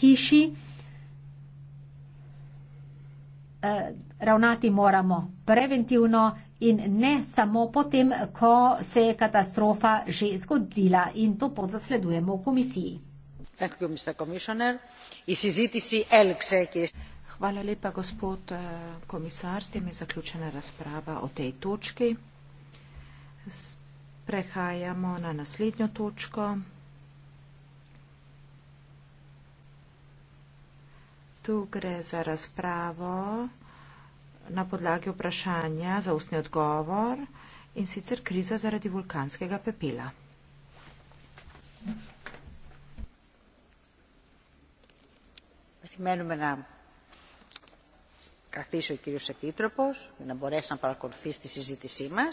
hiši. Eh, ravnati moramo preventivno in ne samo potem, ko se je katastrofa že zgodila in to pot zasledujemo v komisiji. Hvala lepa, gospod eh, komisar. S tem je zaključena razprava o tej točki. Prehajamo na naslednjo točko. Tu gre za razpravo na podlagi vprašanja za ustni odgovor in sicer kriza zaradi vulkanskega pepela. Primero me da Καθίσω η κύριος Επίτροπος για να μπορέσει να παρακολουθήσει τη συζήτησή μας.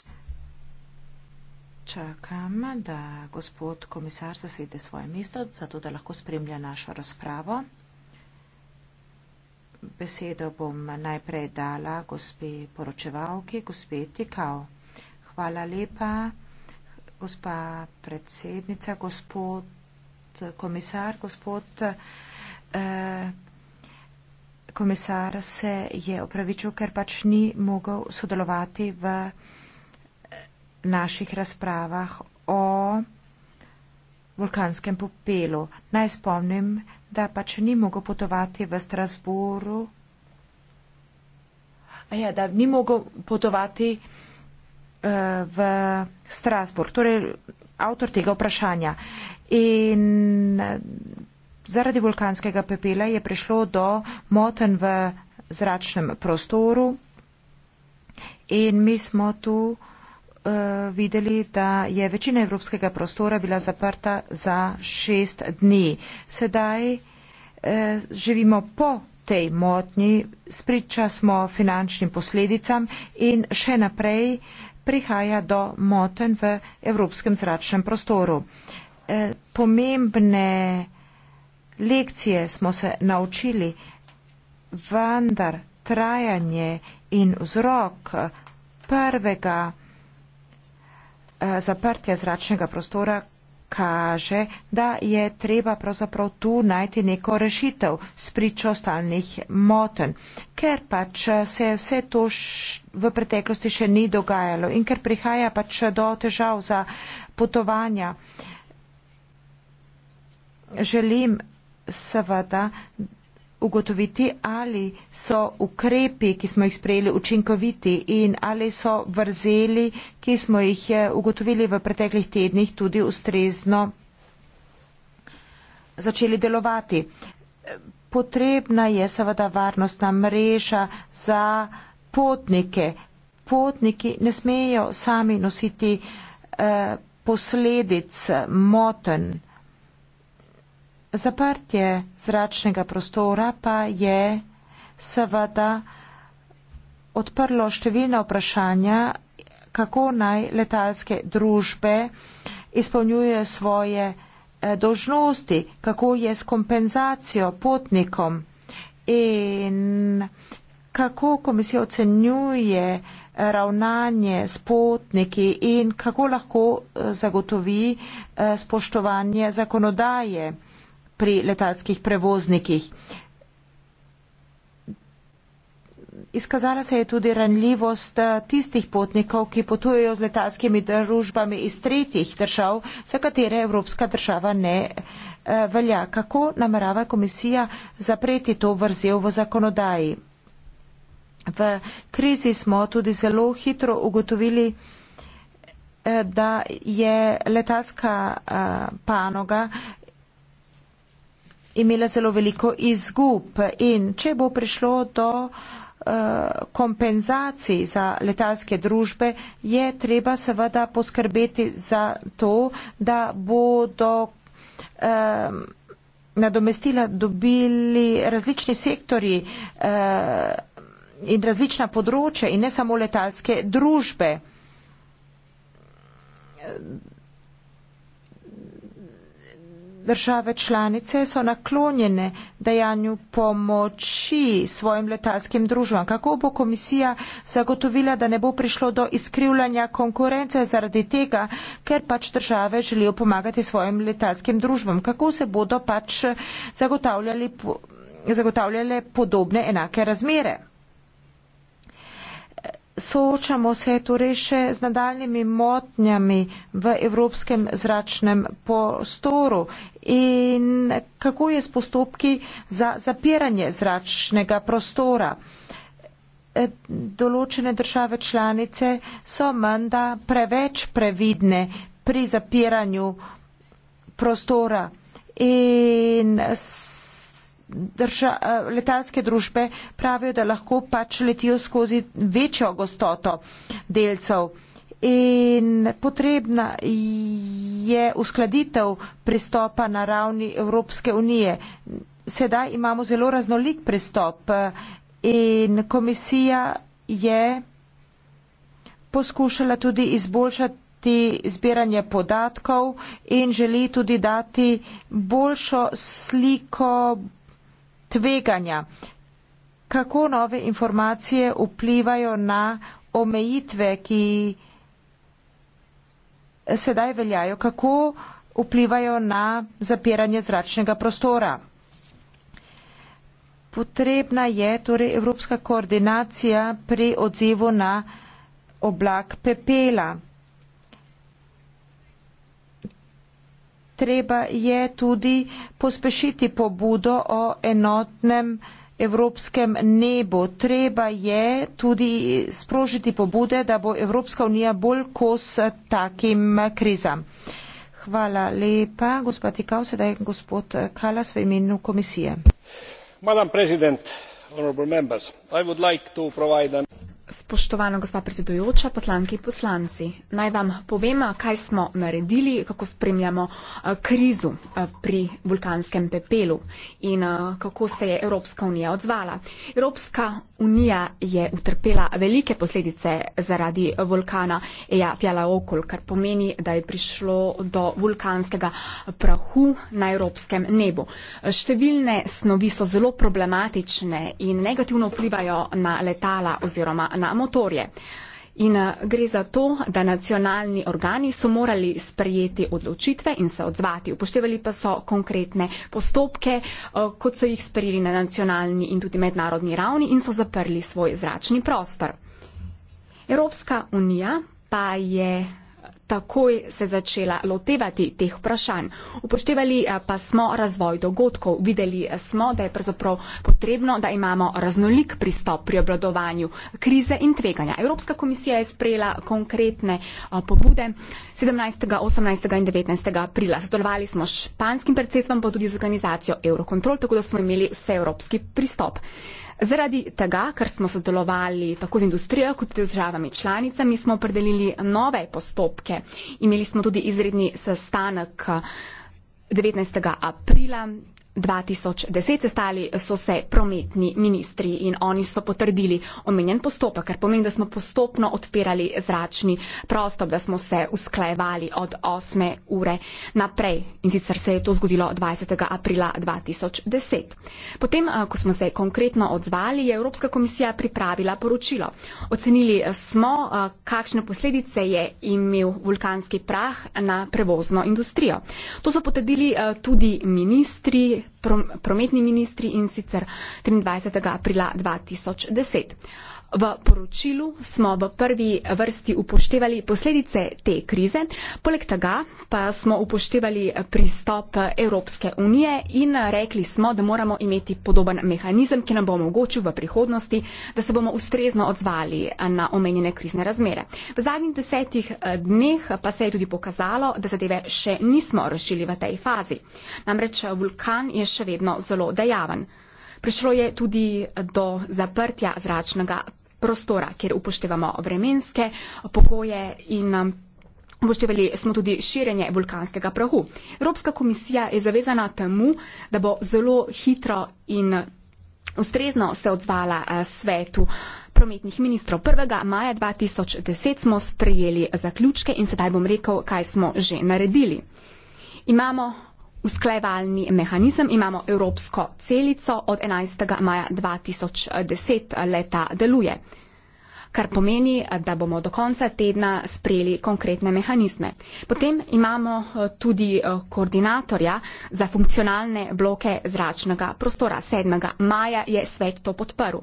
Čakam, da gospod komisar zasede svoje mesto, zato da lahko spremlja našo razpravo besedo bom najprej dala gospe poročevalki, gospe Tikao. Hvala lepa, gospa predsednica, gospod komisar, gospod eh, komisar se je opravičil, ker pač ni mogel sodelovati v eh, naših razpravah o vulkanskem popelu. Naj spomnim, da pač ni mogel potovati v Strasburu. Ja, da ni mogel potovati uh, v Strasbourg, torej avtor tega vprašanja. In eh, zaradi vulkanskega pepela je prišlo do moten v zračnem prostoru in mi smo tu uh, uh, videli, da je večina evropskega prostora bila zaprta za šest dni. Sedaj uh, živimo po tej motnji, spriča smo finančnim posledicam in še naprej prihaja do moten v evropskem zračnem prostoru. Uh, pomembne lekcije smo se naučili, vendar trajanje in vzrok prvega Eh, zaprtja zračnega prostora kaže, da je treba pravzaprav tu najti neko rešitev s pričo stalnih moten, ker pač eh, se vse to v preteklosti še ni dogajalo in ker prihaja pač eh, do težav za potovanja. Želim seveda, ugotoviti, ali so ukrepi, ki smo jih sprejeli, učinkoviti in ali so vrzeli, ki smo jih eh, ugotovili v preteklih tednih, tudi ustrezno začeli delovati. Potrebna je seveda varnostna mreža za potnike. Potniki ne smejo sami nositi eh, posledic moten. Eh, Zaprtje zračnega prostora pa je seveda odprlo številna vprašanja, kako naj letalske družbe izpolnjuje svoje eh, dožnosti, kako je s kompenzacijo potnikom in kako komisija ocenjuje eh, ravnanje s potniki in kako lahko eh, zagotovi spoštovanje zakonodaje pri letalskih prevoznikih. Izkazala se je tudi ranljivost eh, tistih potnikov, ki potujejo z letalskimi družbami iz tretjih držav, za katere Evropska država ne eh, velja. Kako namerava komisija zapreti to vrzel v zakonodaji? V krizi smo tudi zelo hitro ugotovili, eh, da je letalska panoga imela zelo veliko izgub in če bo prišlo do eh, kompenzacij za letalske družbe, je treba seveda poskrbeti za to, da bodo eh, nadomestila dobili različni sektori eh, in različna področja in ne samo letalske družbe države članice so naklonjene dajanju pomoči svojim letalskim družbam. Kako bo komisija zagotovila, da ne bo prišlo do izkrivljanja konkurence zaradi tega, ker pač države želijo pomagati svojim letalskim družbam? Kako se bodo pač zagotavljali, zagotavljale podobne enake razmere? soočamo se torej še z nadaljnimi motnjami v evropskem zračnem prostoru in kako je s postopki za zapiranje zračnega prostora. E, določene države članice so menda preveč previdne pri zapiranju prostora in drža, eh, letalske družbe pravijo, da lahko pač letijo skozi večjo gostoto delcev. In potrebna je uskladitev pristopa na ravni Evropske unije. Sedaj imamo zelo raznolik pristop eh, in komisija je poskušala tudi izboljšati zbiranje podatkov in želi tudi dati boljšo sliko tveganja. Kako nove informacije vplivajo na omejitve, ki sedaj veljajo, kako vplivajo na zapiranje zračnega prostora. Potrebna je torej evropska koordinacija pri odzivu na oblak pepela. treba je tudi pospešiti pobudo o enotnem evropskem nebu. Treba je tudi sprožiti pobude, da bo Evropska unija bolj kos takim krizam. Hvala lepa, gospod Tikal, sedaj gospod Kalas v imenu komisije. Madam president, honorable members, I would like to provide an Spoštovana gospa predsedujoča, poslanki in poslanci, naj vam povem, kaj smo naredili, kako spremljamo eh, krizo eh, pri vulkanskem pepelu in eh, kako se je Evropska unija odzvala. Evropska unija je utrpela velike posledice zaradi vulkana Eja Fjallaokul, kar pomeni, da je prišlo do vulkanskega prahu na evropskem nebu. Številne snovi so zelo problematične in negativno vplivajo na letala oziroma na na motorje. In eh, gre za to, da nacionalni organi so morali sprejeti odločitve in se odzvati. Upoštevali pa so konkretne postopke, eh, kot so jih sprejeli na nacionalni in tudi mednarodni ravni in so zaprli svoj zračni prostor. Evropska unija pa je takoj se začela lotevati teh vprašanj. Upoštevali eh, pa smo razvoj dogodkov, videli eh, smo, da je pravzaprav potrebno, da imamo raznolik pristop pri obladovanju krize in tveganja. Evropska komisija je sprejela konkretne eh, pobude 17., 18. in 19. aprila. Sodelovali smo s španskim predsedstvom, pa tudi z organizacijo Eurocontrol, tako da smo imeli vseevropski pristop. Zaradi tega, ker smo sodelovali tako z industrijo kot tudi z državami članicami, smo opredelili nove postopke. Imeli smo tudi izredni sestanek 19. Eh, aprila 2010 sestali so se prometni ministri in oni so potrdili omenjen postopek, kar pomeni, da smo postopno odpirali zračni prostor, da smo se usklajevali od 8. ure naprej in sicer se je to zgodilo 20. aprila 2010. Potem, eh, ko smo se konkretno odzvali, je Evropska komisija pripravila poročilo. Ocenili smo, eh, kakšne posledice je imel vulkanski prah na prevozno industrijo. To so potrdili eh, tudi ministri, prometni ministri in sicer 23. aprila 2010. V poročilu smo v prvi vrsti upoštevali posledice te krize, poleg tega pa smo upoštevali pristop Evropske unije in rekli smo, da moramo imeti podoben mehanizem, ki nam bo omogočil v prihodnosti, da se bomo ustrezno odzvali na omenjene krizne razmere. V zadnjih desetih eh, dneh pa se je tudi pokazalo, da zadeve še nismo rešili v tej fazi. Namreč eh, vulkan je še vedno zelo dejaven. Prišlo je tudi eh, do zaprtja zračnega prostora, kjer upoštevamo vremenske pogoje in um, upoštevali smo tudi širjenje vulkanskega prahu. Evropska komisija je zavezana temu, da bo zelo hitro in ustrezno se odzvala uh, svetu prometnih ministrov. 1. maja 2010 smo sprejeli zaključke in sedaj bom rekel, kaj smo že naredili. Imamo usklajevalni mehanizem, imamo evropsko celico, od 11. maja 2010 leta deluje kar pomeni, da bomo do konca tedna sprejeli konkretne mehanizme. Potem imamo eh, tudi eh, koordinatorja za funkcionalne bloke zračnega prostora. 7. maja je svet to podprl.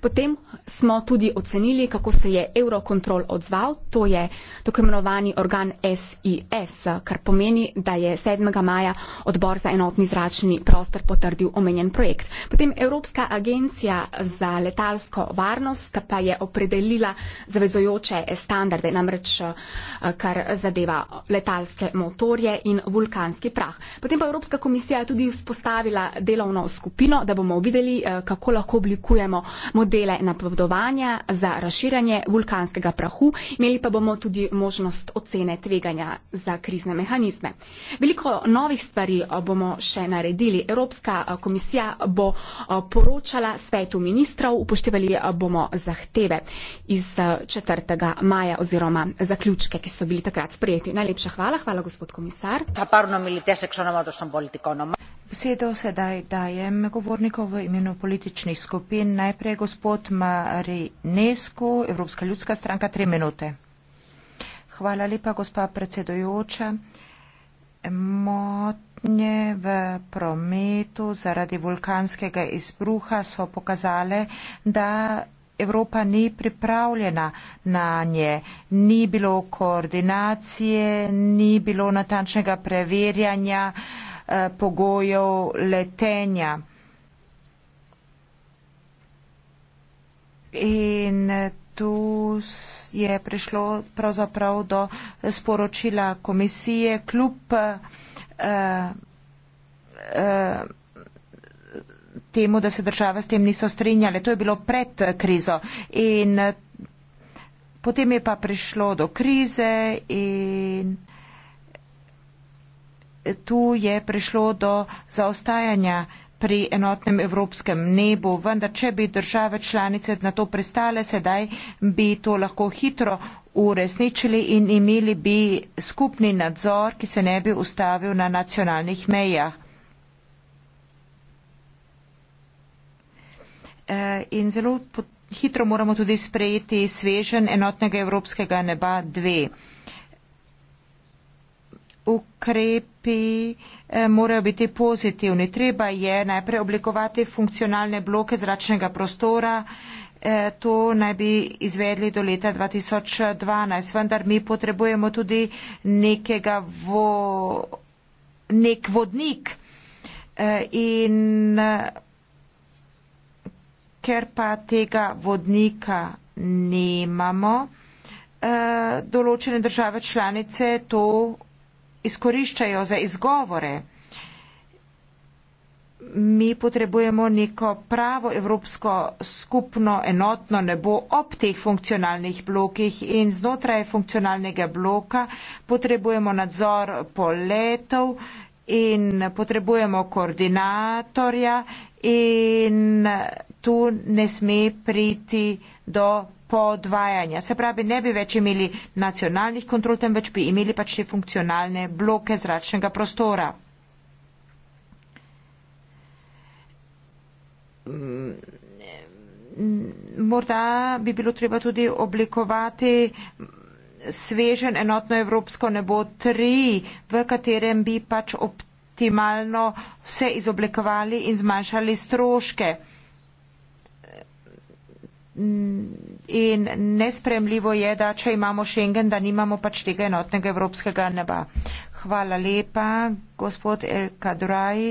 Potem smo tudi ocenili, kako se je Eurocontrol odzval, to je tako imenovani organ SIS, kar pomeni, da je 7. maja odbor za enotni zračni prostor potrdil omenjen projekt. Potem Evropska agencija za letalsko varnost pa je opredelila, sklenila zavezojoče standarde, namreč eh, kar zadeva letalske motorje in vulkanski prah. Potem pa Evropska komisija je tudi vzpostavila delovno skupino, da bomo videli, eh, kako lahko oblikujemo modele napovedovanja za razširanje vulkanskega prahu. Imeli pa bomo tudi možnost ocene tveganja za krizne mehanizme. Veliko novih stvari eh, bomo še naredili. Evropska komisija bo poročala svetu ministrov, upoštevali bomo zahteve iz 4. Eh, maja oziroma zaključke, ki so bili takrat sprejeti. Najlepša hvala, hvala gospod komisar. Besedo sedaj dajem govornikov v imenu političnih skupin. Najprej gospod Marinesko, Evropska ljudska stranka, tri minute. Hvala lepa, gospa predsedojoča. Motnje v prometu zaradi vulkanskega izbruha so pokazale, da Evropa ni pripravljena na nje, ni bilo koordinacije, ni bilo natančnega preverjanja eh, pogojev letenja. In eh, tu je prišlo pravzaprav do sporočila komisije, kljub eh, eh, temu, da se države s tem niso strinjale. To je bilo pred krizo. In eh, potem je pa prišlo do krize in eh, tu je prišlo do zaostajanja pri enotnem evropskem nebu. Vendar, če bi države članice na to pristale, sedaj bi to lahko hitro uresničili in imeli bi skupni nadzor, ki se ne bi ustavil na nacionalnih mejah. Eh, in zelo hitro moramo tudi sprejeti svežen enotnega evropskega neba 2. Ukrepi eh, morajo biti pozitivni. Treba je najprej oblikovati funkcionalne bloke zračnega prostora. Eh, to naj bi izvedli do leta 2012, vendar mi potrebujemo tudi vo, nek vodnik in ker pa tega vodnika nemamo, eh, določene države članice to izkoriščajo za izgovore. Mi potrebujemo neko pravo evropsko skupno enotno nebo ob teh funkcionalnih blokih in znotraj funkcionalnega bloka potrebujemo nadzor poletov in potrebujemo koordinatorja in tu ne sme priti do podvajanja. Se pravi, ne bi več imeli nacionalnih kontrol, temveč bi imeli pač te funkcionalne bloke zračnega prostora. Mm, morda bi bilo treba tudi oblikovati svežen enotno evropsko nebo 3, v katerem bi pač obtekli optimalno vse izoblikovali in zmanjšali stroške. In nespremljivo je, da če imamo Schengen, da nimamo pač tega enotnega evropskega neba. Hvala lepa, gospod El Kadraj,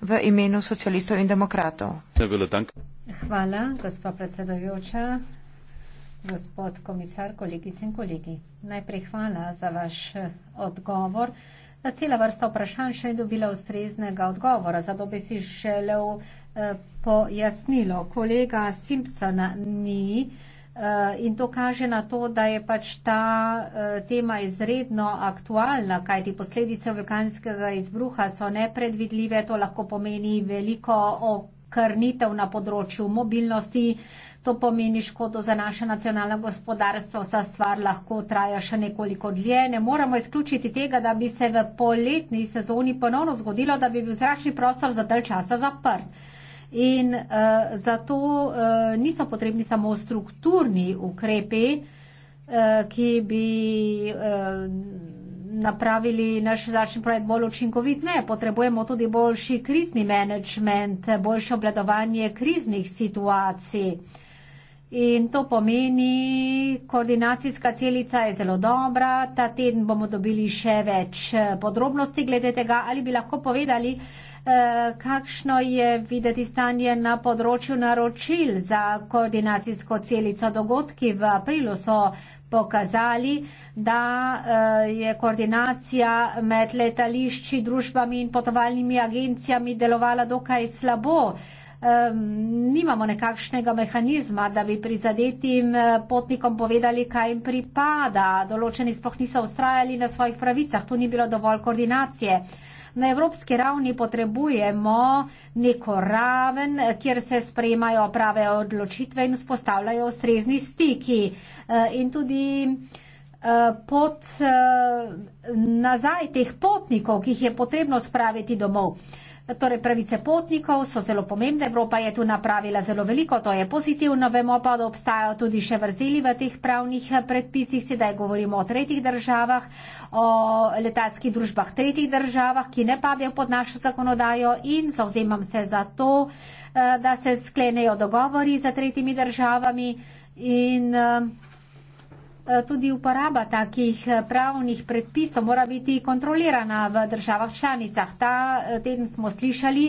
v imenu socialistov in demokratov. Hvala, gospod predsedojoča, gospod komisar, kolegice in kolegi. Najprej hvala za vaš eh, odgovor na cela vrsta vprašanj še ni dobila ustreznega odgovora. Zato bi si želel eh, pojasnilo. Kolega Simpsona ni eh, in to kaže na to, da je pač ta eh, tema izredno aktualna, kajti posledice vulkanskega izbruha so nepredvidljive, to lahko pomeni veliko okrnitev na področju mobilnosti. To pomeni škodo za naše nacionalno gospodarstvo, vsa stvar lahko traja še nekoliko dlje. Ne moramo izključiti tega, da bi se v poletni sezoni ponovno zgodilo, da bi bil zračni prostor za del časa zaprt. In uh, zato uh, niso potrebni samo strukturni ukrepi, uh, ki bi uh, napravili naš zračni projekt bolj učinkovit. Ne, potrebujemo tudi boljši krizni menedžment, boljše obladovanje kriznih situacij. Uh, In to pomeni, koordinacijska celica je zelo dobra. Ta teden bomo dobili še več eh, podrobnosti glede tega, ali bi lahko povedali, eh, kakšno je videti stanje na področju naročil za koordinacijsko celico. Dogodki v aprilu so pokazali, da eh, je koordinacija med letališči, družbami in potovalnimi agencijami delovala dokaj slabo nimamo nekakšnega mehanizma, da bi prizadetim eh, potnikom povedali, kaj jim pripada. Določeni sploh niso ustrajali na svojih pravicah, tu ni bilo dovolj koordinacije. Na evropski ravni potrebujemo neko raven, kjer se sprejmajo prave odločitve in vzpostavljajo ustrezni stiki. Eh, in tudi eh, pot nazaj teh potnikov, ki jih je potrebno spraviti domov. Torej, pravice potnikov so zelo pomembne, Evropa je tu napravila zelo veliko, to je pozitivno, vemo pa, da obstajajo tudi še vrzeli v teh pravnih eh, predpisih, sedaj govorimo o tretjih državah, o letalskih družbah tretjih državah, ki ne padejo pod našo zakonodajo in zauzemam se za to, eh, da se sklenejo dogovori za tretjimi državami in eh, Eh, tudi uporaba takih eh, pravnih predpisov mora biti kontrolirana v državah članicah. Ta eh, teden smo slišali,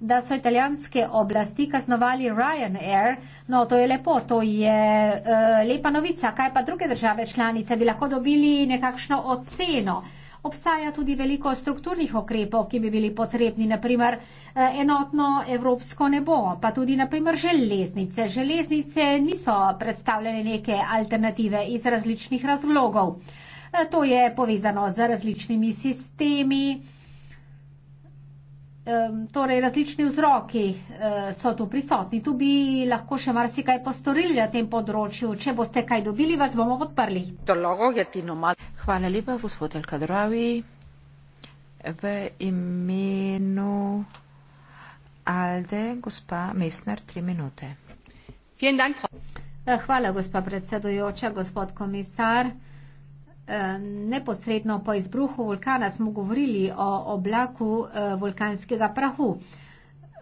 da so italijanske oblasti kaznovali Ryanair. No, to je lepo, to je uh, lepa novica. Kaj pa druge države članice bi lahko dobili nekakšno oceno? Uh, obstaja tudi veliko strukturnih okrepov, ki bi bili potrebni, naprimer eh, enotno evropsko nebo, pa tudi naprimer železnice. Železnice niso predstavljene neke alternative iz različnih razlogov. Eh, to je povezano z različnimi sistemi. Um, torej, različni vzroki uh, so tu prisotni. Tu bi lahko še marsikaj postorili na tem področju. Če boste kaj dobili, vas bomo podprli. Hvala lepa, gospod Elkadravi. V imenu Alde, gospa Mesner, tri minute. E, hvala, gospa predsedujoča, gospod komisar neposredno po izbruhu vulkana smo govorili o oblaku eh, vulkanskega prahu.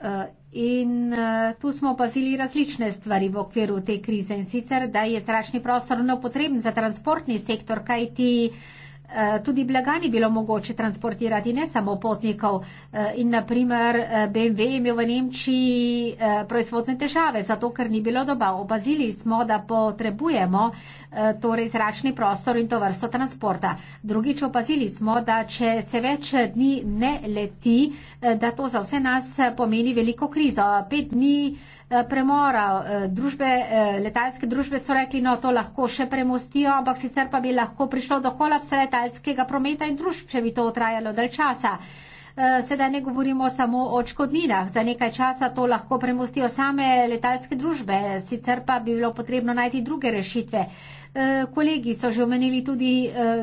Eh, in eh, tu smo opazili različne stvari v okviru te krize in sicer, da je zračni prostor nepotreben za transportni sektor, kajti Eh, tudi blaga ni bilo mogoče transportirati, ne samo potnikov. Eh, in naprimer eh, BMW je imel v Nemčiji proizvodne težave, zato ker ni bilo doba. Opazili smo, da potrebujemo torej zračni prostor in to vrsto transporta. Drugič opazili smo, da če se več dni ne leti, da to za vse nas pomeni veliko krizo. Pet dni Eh, premora. Eh, družbe, eh, letalske družbe so rekli, no, to lahko še premostijo, ampak sicer pa bi lahko prišlo do kolapsa letalskega prometa in družb, če bi to trajalo dalj časa. Sedaj ne govorimo samo o škodninah, za nekaj časa to lahko premostijo same letalske družbe, sicer pa bi bilo potrebno najti druge rešitve. Kolegi so že omenili tudi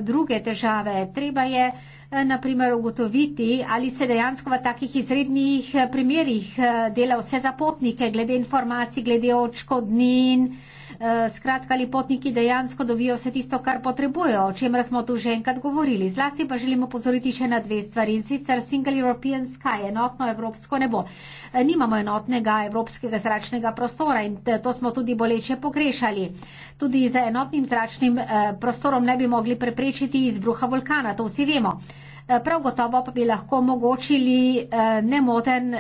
druge težave. Treba je naprimer ugotoviti, ali se dejansko v takih izrednih eh, primerjih eh, dela vse za potnike, glede informacij, glede očkodnin, Eh, skratka, ali potniki dejansko dobijo vse tisto, kar potrebujejo, o čem smo tu že enkrat govorili. Zlasti pa želimo pozoriti še na dve stvari in sicer Single European Sky, enotno evropsko nebo. Eh, nimamo enotnega evropskega zračnega prostora in eh, to smo tudi boleče pogrešali. Tudi za enotnim zračnim prostorom ne bi mogli preprečiti izbruha vulkana, to vsi vemo. Eh, prav gotovo pa bi lahko omogočili eh, nemoten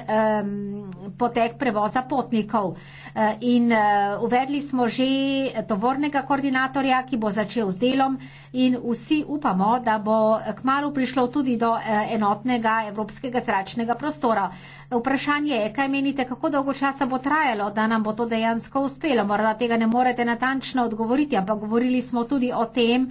potek prevoza potnikov. Eh, in uvedli smo že tovornega koordinatorja, ki bo začel z delom in vsi upamo, da bo kmalo prišlo tudi do enotnega evropskega zračnega prostora. Vprašanje je, kaj menite, kako dolgo časa bo trajalo, da nam bo to dejansko uspelo. Morda tega ne morete natančno odgovoriti, ampak govorili smo tudi o tem,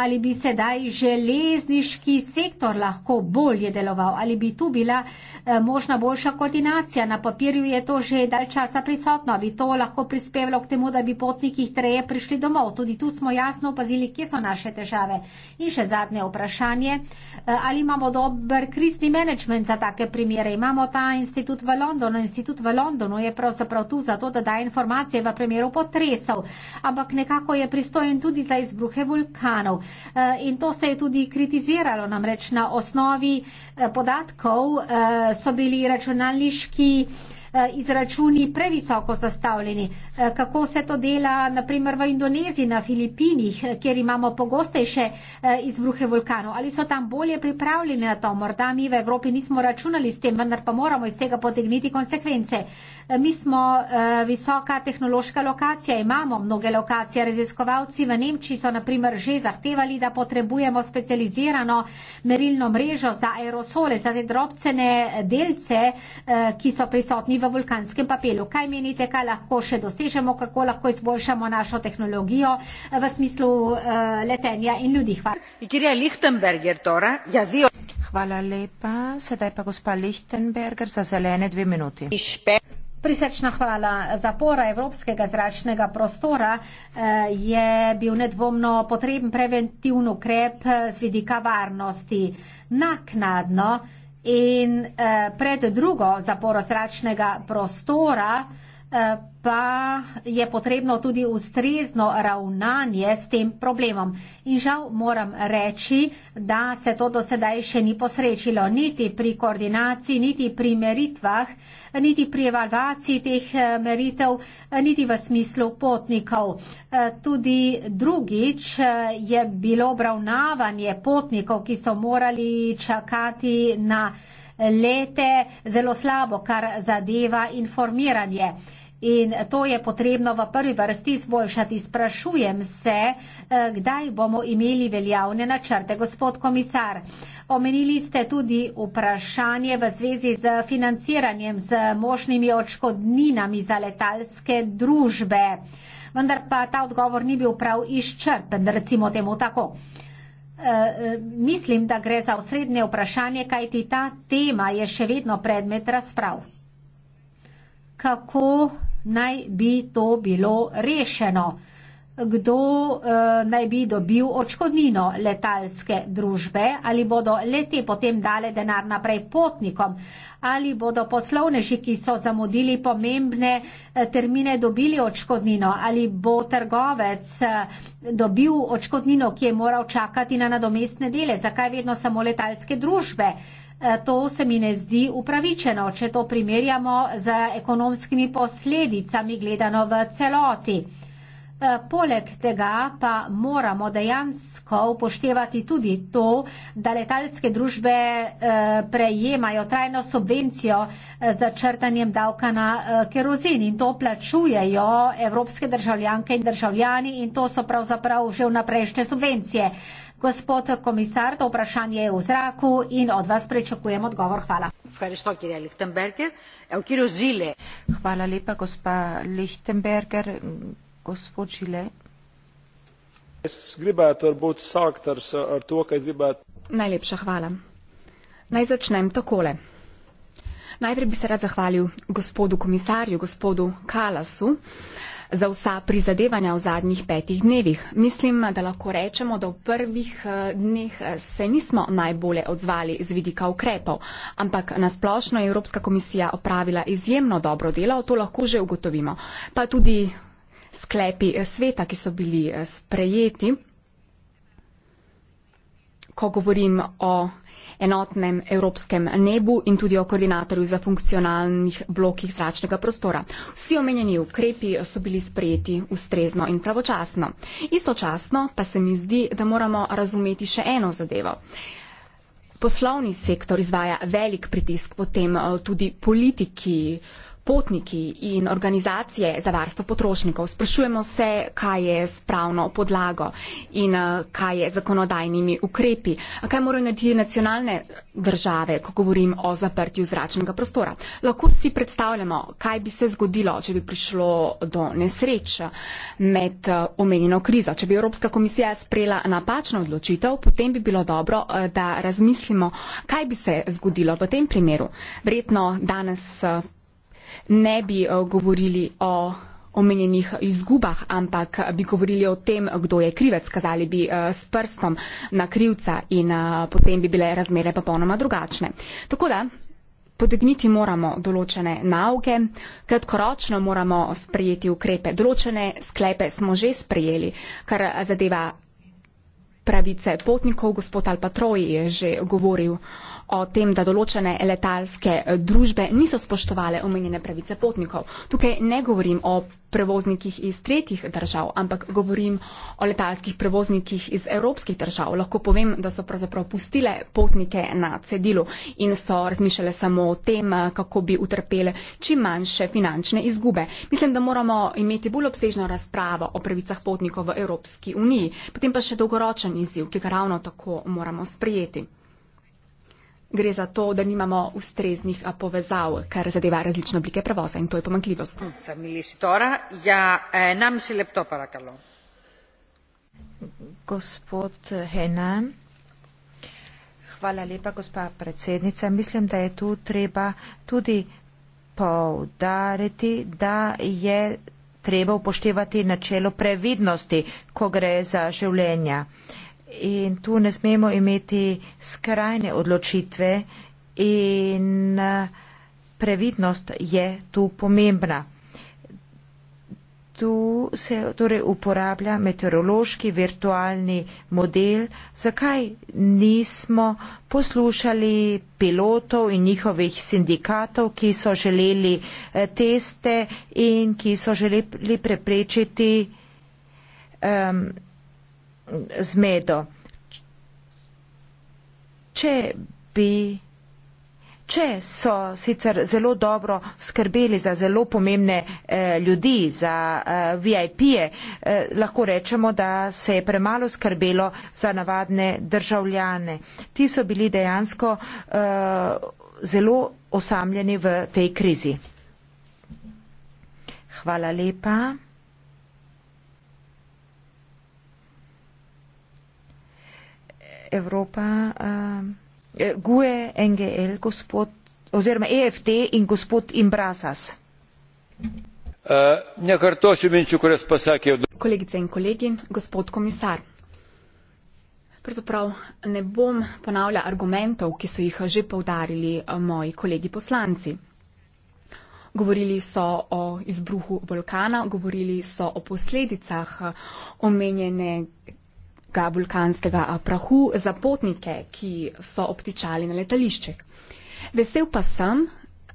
ali bi sedaj železniški sektor lahko bolje deloval, ali bi tu bila eh, možna boljša koordinacija. Na papirju je to že dal časa prisotno, bi to lahko prispevalo k temu, da bi potniki hitreje prišli domov. Tudi tu smo jasno opazili, kje so naše težave. In še zadnje vprašanje, eh, ali imamo dober krizni menedžment za take primere. Imamo ta in Institut v Londonu. Institut v Londonu je pravzaprav tu zato, da daje informacije v primeru potresov, ampak nekako je pristojen tudi za izbruhe vulkanov. E, in to se je tudi kritiziralo, namreč na osnovi e, podatkov e, so bili računalniški Eh, izračuni previsoko zastavljeni. Eh, kako se to dela naprimer v Indoneziji, na Filipinih, eh, kjer imamo pogostejše izbruhe vulkanov? Ali so tam bolje pripravljeni na to? Morda mi v Evropi nismo računali s tem, vendar pa moramo iz tega potegniti konsekvence. Mi smo visoka tehnološka lokacija, imamo mnoge lokacije. Raziskovalci v Nemčiji so naprimer že zahtevali, da potrebujemo specializirano merilno mrežo za aerosole, za te drobcene delce, ki so prisotni v vulkanskem papelu. Kaj menite, kaj lahko še dosežemo, kako lahko izboljšamo našo tehnologijo eh, v smislu uh, letenja in ljudi? Hvala. Ja hvala lepa. Sedaj pa gospa Lichtenberger za zelene dve minuti. Prisrčna hvala. Zapora evropskega zračnega prostora eh, je bil nedvomno potreben preventivno ukrep z vidika varnosti. Naknadno in eh, pred drugo zaporo zračnega prostora Eh, pa je potrebno tudi ustrezno ravnanje s tem problemom. In žal moram reči, da se to do sedaj še ni posrečilo, niti pri koordinaciji, niti pri meritvah, niti pri evalvaciji teh eh, meritev, niti v smislu potnikov. Eh, tudi drugič je bilo obravnavanje potnikov, ki so morali čakati na lete zelo slabo, kar zadeva informiranje. In to je potrebno v prvi vrsti izboljšati. Sprašujem se, eh, kdaj bomo imeli veljavne načrte, gospod komisar. Omenili ste tudi vprašanje v zvezi z financiranjem, z možnimi očkodninami za letalske družbe. Vendar pa ta odgovor ni bil prav izčrpen, recimo temu tako. Uh, Eh, eh, mislim, da gre za osrednje vprašanje, kajti ta tema je še vedno predmet razprav. Kako naj bi to bilo rešeno? Kdo uh, naj bi dobil očkodnino letalske družbe? Ali bodo lete potem dale denar naprej potnikom? ali bodo poslovneži, ki so zamudili pomembne eh, termine, dobili odškodnino, ali bo trgovec eh, dobil odškodnino, ki je moral čakati na nadomestne dele, zakaj vedno samo letalske družbe. Eh, to se mi ne zdi upravičeno, če to primerjamo z ekonomskimi posledicami gledano v celoti. Eh, poleg tega pa moramo dejansko upoštevati tudi to, da letalske družbe eh, prejemajo trajno subvencijo eh, za črtanjem davka na kerozin in to plačujejo evropske državljanke in državljani in to so pravzaprav že vnaprejšnje subvencije. Gospod komisar, to vprašanje je v zraku in od vas pričakujem odgovor. Hvala. Hvala lepa, gospa Lichtenberger. Naj začnem takole. Najprej bi se rad zahvalil gospodu komisarju, gospodu Kalasu, za vsa prizadevanja v zadnjih petih dnevih. Mislim, da lahko rečemo, da v prvih eh, dneh eh, se nismo najbolje odzvali z vidika ukrepov, ampak nasplošno je Evropska komisija opravila izjemno dobro delo, to lahko že ugotovimo. Pa tudi sklepi eh, sveta, ki so bili eh, sprejeti. Ko govorim o enotnem evropskem nebu in tudi o koordinatorju za funkcionalnih blokih zračnega prostora. Vsi omenjeni ukrepi eh, so bili sprejeti ustrezno in pravočasno. Istočasno pa se mi zdi, da moramo razumeti še eno zadevo. Poslovni sektor izvaja velik pritisk, potem tudi politiki, uh, potniki in organizacije za varstvo potrošnikov. Sprašujemo se, kaj je s pravno podlago in eh, kaj je zakonodajnimi ukrepi, kaj morajo narediti nacionalne države, ko govorim o zaprtju zračnega prostora. Lahko si predstavljamo, kaj bi se zgodilo, če bi prišlo do nesreč med eh, omenjeno krizo. Če bi Evropska komisija sprejela napačno odločitev, potem bi bilo dobro, eh, da razmislimo, kaj bi se zgodilo v tem primeru. Vredno danes ne bi eh, govorili o omenjenih izgubah, ampak eh, bi govorili o tem, kdo je krivec, kazali bi eh, s prstom na krivca in potem bi bile razmere popolnoma drugačne. Tako da potegniti moramo določene nauke, kratkoročno moramo sprejeti ukrepe. Določene sklepe smo že sprejeli, kar zadeva pravice potnikov, gospod Alpatroji je že govoril o tem, da določene letalske eh, družbe niso spoštovale omenjene pravice potnikov. Tukaj ne govorim o prevoznikih iz tretjih držav, ampak govorim o letalskih prevoznikih iz evropskih držav. Lahko povem, da so pravzaprav pustile potnike na cedilu in so razmišljale samo o tem, eh, kako bi utrpele čim manjše finančne izgube. Mislim, da moramo imeti bolj obsežno razpravo o pravicah potnikov v Evropski uniji, potem pa še dolgoročen izziv, ki ga ravno tako moramo sprejeti gre za to, da nimamo ustreznih povezav, kar zadeva različne oblike prevoza in to je pomankljivost. Mm, ja, Gospod Henan, hvala lepa, gospa predsednica. Mislim, da je tu treba tudi povdariti, da je treba upoštevati načelo previdnosti, ko gre za življenja. Uh, in tu ne smemo imeti skrajne odločitve in eh, previdnost je tu pomembna. Tu se torej uporablja meteorološki virtualni model. Zakaj nismo poslušali pilotov in njihovih sindikatov, ki so želeli eh, teste in ki so želeli preprečiti um, zmedo. Če bi. Če so sicer zelo dobro skrbeli za zelo pomembne eh, ljudi, za eh, VIP-je, eh, lahko rečemo, da se je premalo skrbelo za navadne državljane. Ti so bili dejansko eh, zelo osamljeni v tej krizi. Hvala lepa. Evropa, uh, GUE, NGL, gospod, oziroma EFT in gospod Imbrasas. Uh, Kolegice in kolegi, gospod komisar. Pravzaprav ne bom ponavlja argumentov, ki so jih že povdarili moji kolegi poslanci. Govorili so o izbruhu vulkana, govorili so o posledicah omenjene velikega vulkanskega prahu za potnike, ki so obtičali na letališčih. Vesel pa sem,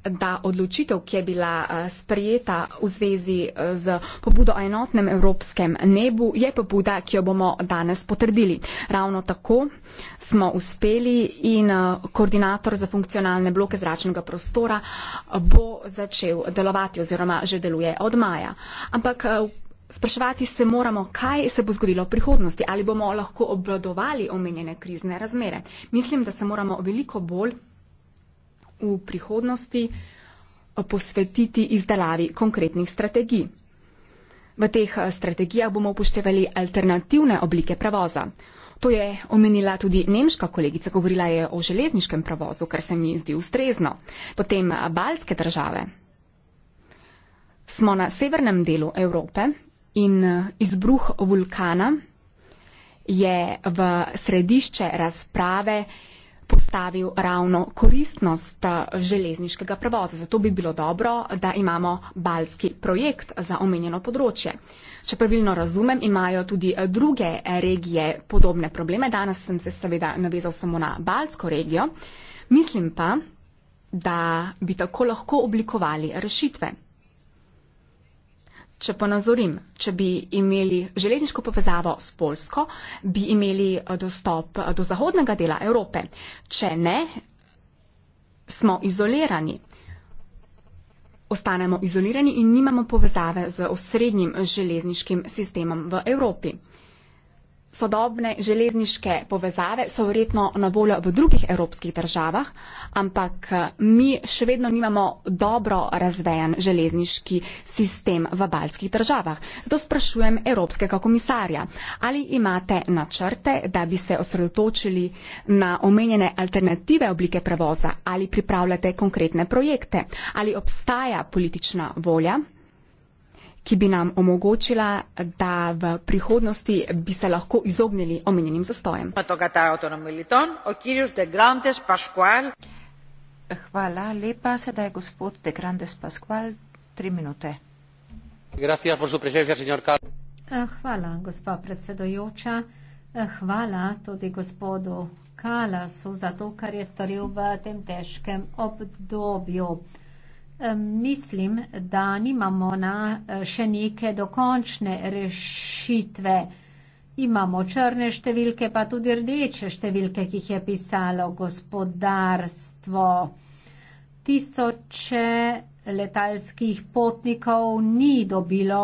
da odločitev, ki je bila eh, sprejeta v zvezi eh, z pobudo o enotnem evropskem nebu, je pobuda, ki jo bomo danes potrdili. Ravno tako smo uspeli in eh, koordinator za funkcionalne bloke zračnega prostora bo začel delovati oziroma že deluje od maja. Ampak Spraševati se moramo, kaj se bo zgodilo v prihodnosti, ali bomo lahko obvladovali omenjene krizne razmere. Mislim, da se moramo veliko bolj v prihodnosti eh, posvetiti izdelavi konkretnih strategij. V teh eh, strategijah bomo upoštevali alternativne oblike prevoza. To je omenila tudi nemška kolegica, govorila je o železniškem prevozu, kar se mi zdi ustrezno. Potem eh, baljske države. Smo na severnem delu Evrope, in eh, izbruh vulkana je v središče razprave postavil ravno koristnost eh, železniškega prevoza. Zato bi bilo dobro, da imamo balski projekt za omenjeno področje. Če pravilno razumem, imajo tudi eh, druge regije podobne probleme. Danes sem se seveda navezal samo na balsko regijo. Mislim pa, da bi tako lahko oblikovali rešitve. Če ponazorim, če bi imeli železniško povezavo s Polsko, bi imeli eh, dostop eh, do zahodnega dela Evrope. Če ne, smo izolirani. Ostanemo izolirani in nimamo povezave z osrednjim železniškim sistemom v Evropi sodobne železniške povezave so verjetno na voljo v drugih evropskih državah, ampak eh, mi še vedno nimamo dobro razvejen železniški sistem v baljskih državah. Zato sprašujem evropskega komisarja, ali imate načrte, da bi se osredotočili na omenjene alternative oblike prevoza ali pripravljate konkretne projekte, ali obstaja politična volja ki bi nam omogočila, da v prihodnosti bi se lahko izognili omenjenim zastojem. Hvala lepa. Sedaj je gospod De Grandes Pascual, tri minute. Eh, hvala, gospa predsedojoča. Eh, hvala tudi gospodu Kalasu za to, kar je storil v tem težkem obdobju. Mislim, da nimamo na e, še neke dokončne rešitve. Imamo črne številke, pa tudi rdeče številke, ki jih je pisalo gospodarstvo. Tisoče letalskih potnikov ni dobilo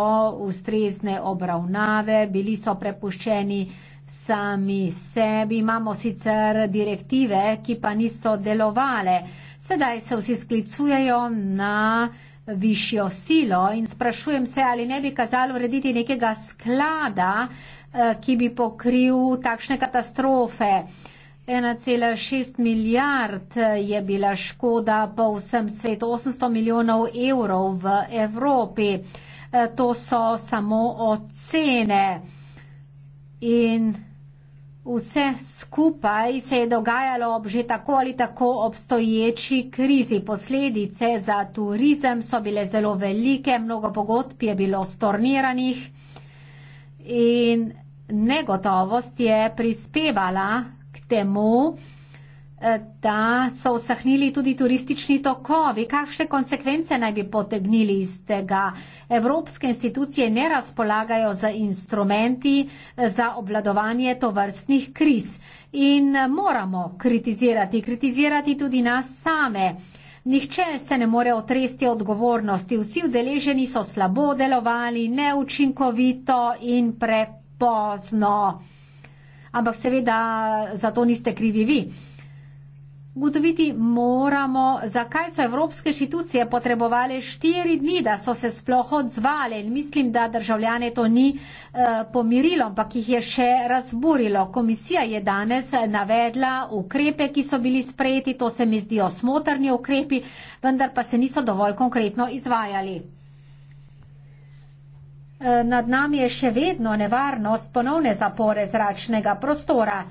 ustrezne obravnave, bili so prepuščeni sami sebi. Imamo sicer direktive, ki pa niso delovale. Sedaj se vsi sklicujejo na višjo silo in sprašujem se, ali ne bi kazalo urediti nekega sklada, eh, ki bi pokril takšne katastrofe. 1,6 milijard eh, je bila škoda po vsem svetu, 800 milijonov evrov v Evropi. Eh, to so samo ocene. In vse skupaj se je dogajalo ob že tako ali tako obstoječi krizi. Posledice za turizem so bile zelo velike, mnogo pogodb je bilo storniranih in negotovost je prispevala k temu, Eh, da so usahnili tudi turistični tokovi. Kakšne konsekvence naj bi potegnili iz tega? Evropske institucije ne razpolagajo eh, za instrumenti za obladovanje tovrstnih kriz in eh, moramo kritizirati, kritizirati tudi nas same. Nihče se ne more otresti odgovornosti, vsi udeleženi so slabo delovali, neučinkovito in prepozno. Ampak seveda za to niste krivi vi ugotoviti moramo, zakaj so evropske inštitucije potrebovali štiri dni, da so se sploh odzvali. In mislim, da državljane to ni eh, pomirilo, ampak jih je še razburilo. Komisija je danes navedla ukrepe, ki so bili sprejeti, to se mi zdijo smotrni ukrepi, vendar pa se niso dovolj konkretno izvajali. Eh, nad nami je še vedno nevarnost ponovne zapore zračnega prostora.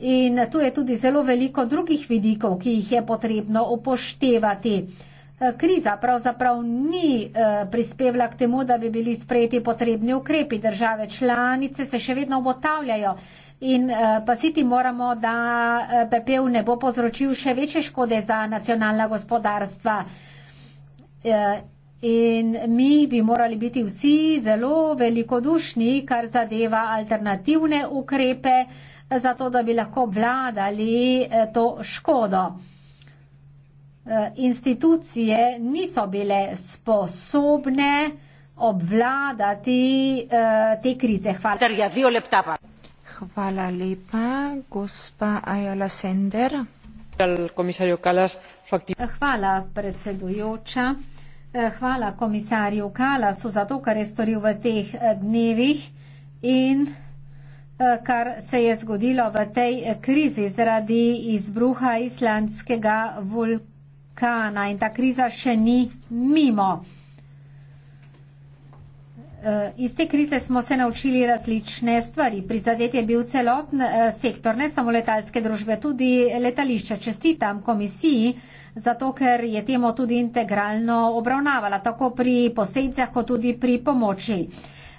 In tu je tudi zelo veliko drugih vidikov, ki jih je potrebno upoštevati. Eh, kriza pravzaprav ni eh, prispevla k temu, da bi bili sprejeti potrebni ukrepi. Države članice se še vedno obotavljajo in eh, pasiti moramo, da pepev ne bo povzročil še večje škode za nacionalna gospodarstva. In mi bi morali biti vsi zelo velikodušni, kar zadeva alternativne ukrepe, zato da bi lahko vladali eh, to škodo. Eh, institucije niso bile sposobne obvladati eh, te krize. Hvala. Hvala lepa, gospa Ajala Sender. Hvala, predsedujoča. Hvala komisarju Kalasu za to, kar je storil v teh dnevih in Eh, kar se je zgodilo v tej krizi zaradi izbruha islandskega vulkana in ta kriza še ni mimo. Eh, iz te krize smo se naučili različne stvari. Prizadet je bil celoten eh, sektor, ne samo letalske družbe, tudi letališča. Čestitam komisiji, zato ker je temo tudi integralno obravnavala, tako pri posledicah, kot tudi pri pomoči.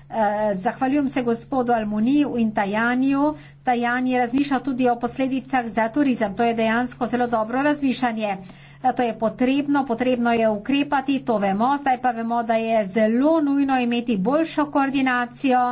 Eh, zahvaljujem se gospodu Almuniju in Tajaniju. Tajani razmišlja tudi o posledicah za turizem. To je dejansko zelo dobro razmišljanje. Eh, to je potrebno, potrebno je ukrepati, to vemo. Zdaj pa vemo, da je zelo nujno imeti boljšo koordinacijo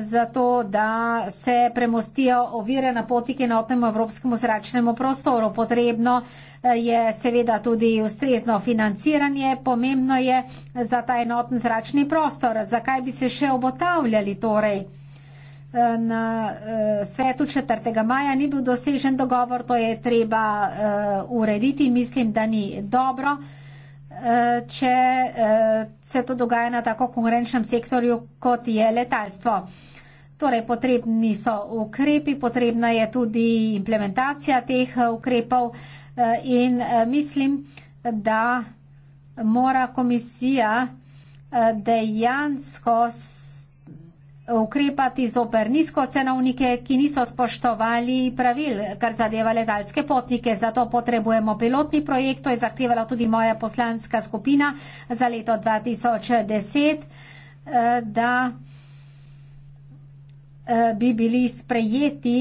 zato da se premostijo ovire na poti k enotnemu evropskemu zračnemu prostoru. Potrebno eh, je seveda tudi ustrezno financiranje, pomembno je za ta enotni zračni prostor. Zakaj bi se še obotavljali torej? Eh, na eh, svetu 4. maja ni bil dosežen dogovor, to je treba urediti, mislim, da ni dobro če eh, se to dogaja na tako konkurenčnem sektorju, kot je letalstvo. Torej, potrebni so ukrepi, potrebna je tudi implementacija teh eh, ukrepov eh, in mislim, da mora komisija dejansko ukrepati zoper nizko cenovnike, ki niso spoštovali pravil, kar zadeva letalske potnike. Zato potrebujemo pilotni projekt, to je zahtevala tudi moja poslanska skupina za leto 2010, da bi bili sprejeti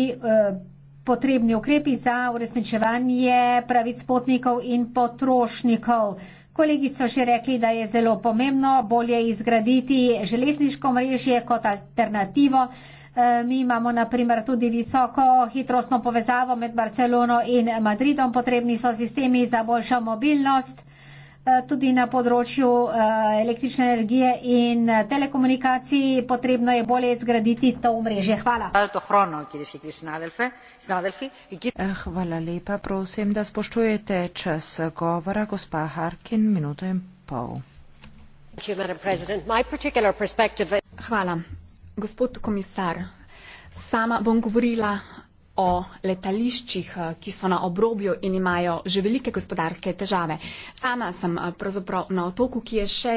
potrebni ukrepi za uresničevanje pravic potnikov in potrošnikov. Kolegi so že rekli, da je zelo pomembno bolje izgraditi železniško mrežje kot alternativo. E, mi imamo naprimer tudi visoko hitrostno povezavo med Barcelono in Madridom, potrebni so sistemi za boljšo mobilnost. Eh, tudi na področju eh, električne energije in eh, telekomunikacij potrebno je bolje zgraditi to mreže. Hvala. Hvala lepa. Prosim, da spoštujete čas govora. Gospa Harkin, minuto in pol. Hvala. Gospod komisar, sama bom govorila o letališčih, eh, ki so na obrobju in imajo že velike gospodarske težave. Sama sem eh, pravzaprav na otoku, ki je še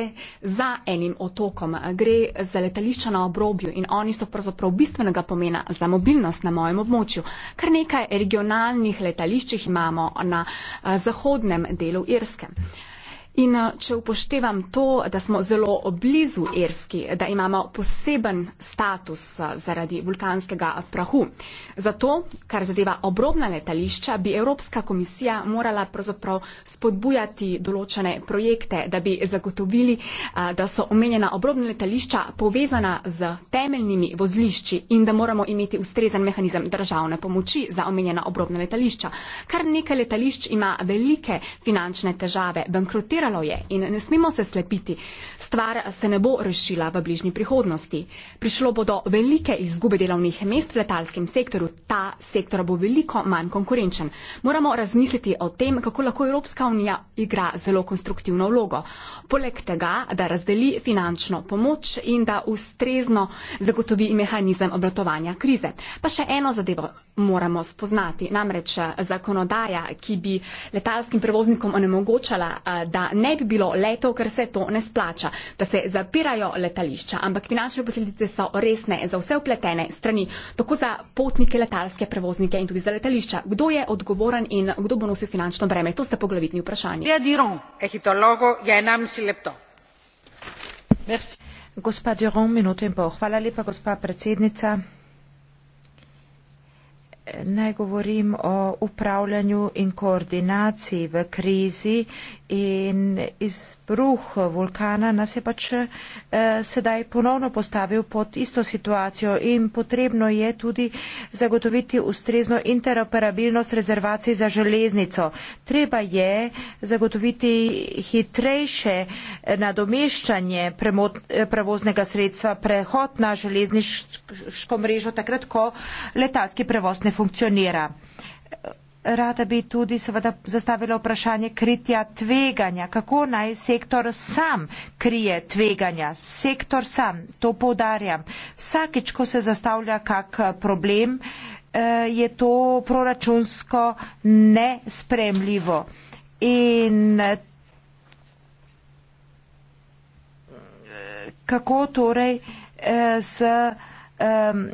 za enim otokom. Eh, gre za letališča na obrobju in oni so pravzaprav bistvenega pomena za mobilnost na mojem območju. Kar nekaj regionalnih letališčih imamo na zahodnem delu Irske. In eh, če upoštevam to, da smo zelo blizu Erski, da imamo poseben status eh, zaradi vulkanskega eh, prahu. Zato, kar zadeva obrobna letališča, bi Evropska komisija morala pravzaprav spodbujati določene projekte, da bi zagotovili, da so omenjena obrobna letališča povezana z temeljnimi vozlišči in da moramo imeti ustrezen mehanizem državne pomoči za omenjena obrobna letališča. Kar nekaj letališč ima velike finančne težave, bankrotirajo funkcioniralo je in ne smemo se slepiti. Stvar se ne bo rešila v bližnji prihodnosti. Prišlo bo do velike izgube delovnih mest v letalskem sektoru. Ta sektor bo veliko manj konkurenčen. Moramo razmisliti o tem, kako lahko Evropska unija igra zelo konstruktivno vlogo. Poleg tega, da razdeli finančno pomoč in da ustrezno zagotovi mehanizem obratovanja krize. Pa še eno zadevo moramo spoznati. Namreč eh, zakonodaja, ki bi letalskim prevoznikom onemogočala, eh, da ne bi bilo letov, ker se to ne splača, da se zapirajo letališča, ampak finančne posledice so resne za vse upletene strani, tako za potnike, letalske prevoznike in tudi za letališča. Kdo je odgovoren in kdo bo nosil finančno breme? To ste poglavitni vprašanji. Gospa Duron, minuto in pol. Hvala lepa, gospa predsednica. Naj govorim o upravljanju in koordinaciji v krizi In izbruh vulkana nas je pač eh, sedaj ponovno postavil pod isto situacijo in potrebno je tudi zagotoviti ustrezno interoperabilnost rezervacij za železnico. Treba je zagotoviti hitrejše eh, nadomeščanje eh, prevoznega sredstva, prehod na železniško mrežo takrat, ko letalski prevoz ne funkcionira. Rada bi tudi seveda zastavila vprašanje kritja tveganja. Kako naj sektor sam krije tveganja? Sektor sam, to poudarjam. Vsakič, ko se zastavlja kak eh, problem, eh, je to proračunsko nespremljivo. In eh, kako torej z. Um,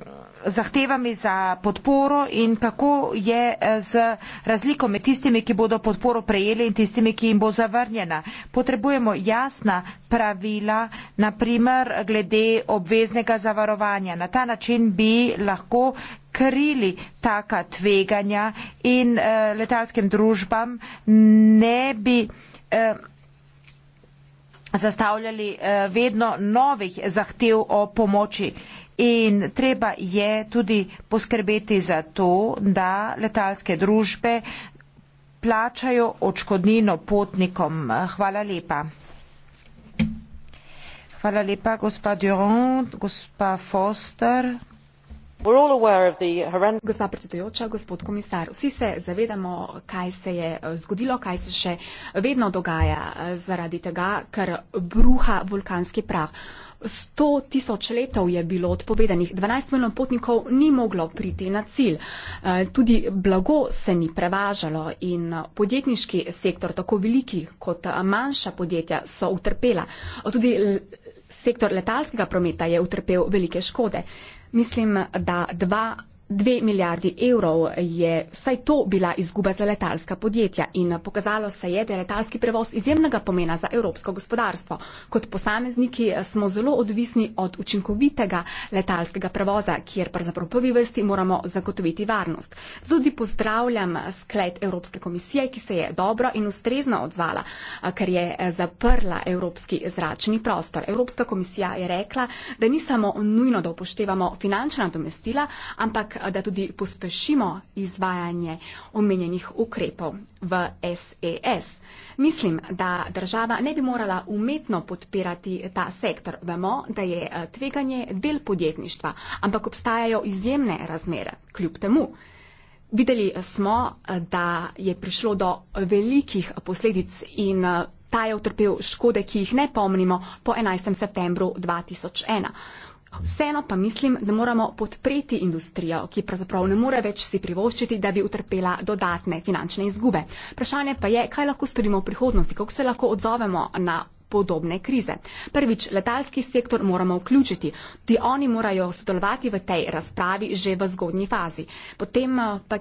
zahtevami za podporo in kako je eh, z razliko med tistimi, ki bodo podporo prejeli in tistimi, ki jim bo zavrnjena. Potrebujemo jasna pravila, naprimer glede obveznega zavarovanja. Na ta način bi lahko krili taka tveganja in uh, letalskim družbam ne bi. Uh, zastavljali vedno novih zahtev o pomoči in treba je tudi poskrbeti za to, da letalske družbe plačajo očkodnino potnikom. Hvala lepa. Hvala lepa, gospa Durand, gospa Foster. Gospa predsedujoča, gospod komisar, vsi se zavedamo, kaj se je eh, zgodilo, kaj se še vedno dogaja eh, zaradi tega, ker bruha vulkanski prah. 100 tisoč letov je bilo odpovedanih, 12 milijonov potnikov ni moglo priti na cilj. Eh, tudi blago se ni prevažalo in podjetniški sektor, tako veliki kot manjša podjetja, so utrpela. Tudi sektor letalskega prometa je utrpel velike škode. Mislim, da dva Dve milijardi evrov je vsaj to bila izguba za letalska podjetja in pokazalo se je, da je letalski prevoz izjemnega pomena za evropsko gospodarstvo. Kot posamezniki smo zelo odvisni od učinkovitega letalskega prevoza, kjer pravzaprav prvi vrsti moramo zagotoviti varnost. Zato tudi pozdravljam sklet Evropske komisije, ki se je dobro in ustrezno odzvala, ker je zaprla evropski zračni prostor. Evropska komisija je rekla, da ni samo nujno, da upoštevamo finančna domestila, ampak da tudi pospešimo izvajanje omenjenih ukrepov v SES. E Mislim, da država ne bi morala umetno podpirati ta sektor. Vemo, da je eh, tveganje del podjetništva, ampak obstajajo izjemne razmere. Kljub temu. Videli eh, smo, eh, da je prišlo do velikih posledic in ta je utrpel škode, ki jih ne pomnimo po 11. septembru 2001. Vseeno pa mislim, da moramo podpreti industrijo, ki pravzaprav ne more več si privoščiti, da bi utrpela dodatne finančne izgube. Vprašanje pa je, kaj lahko storimo v prihodnosti, kako se lahko odzovemo na podobne krize. Prvič, letalski sektor moramo vključiti. Ti oni morajo sodelovati v tej razpravi že v zgodnji fazi. Potem eh,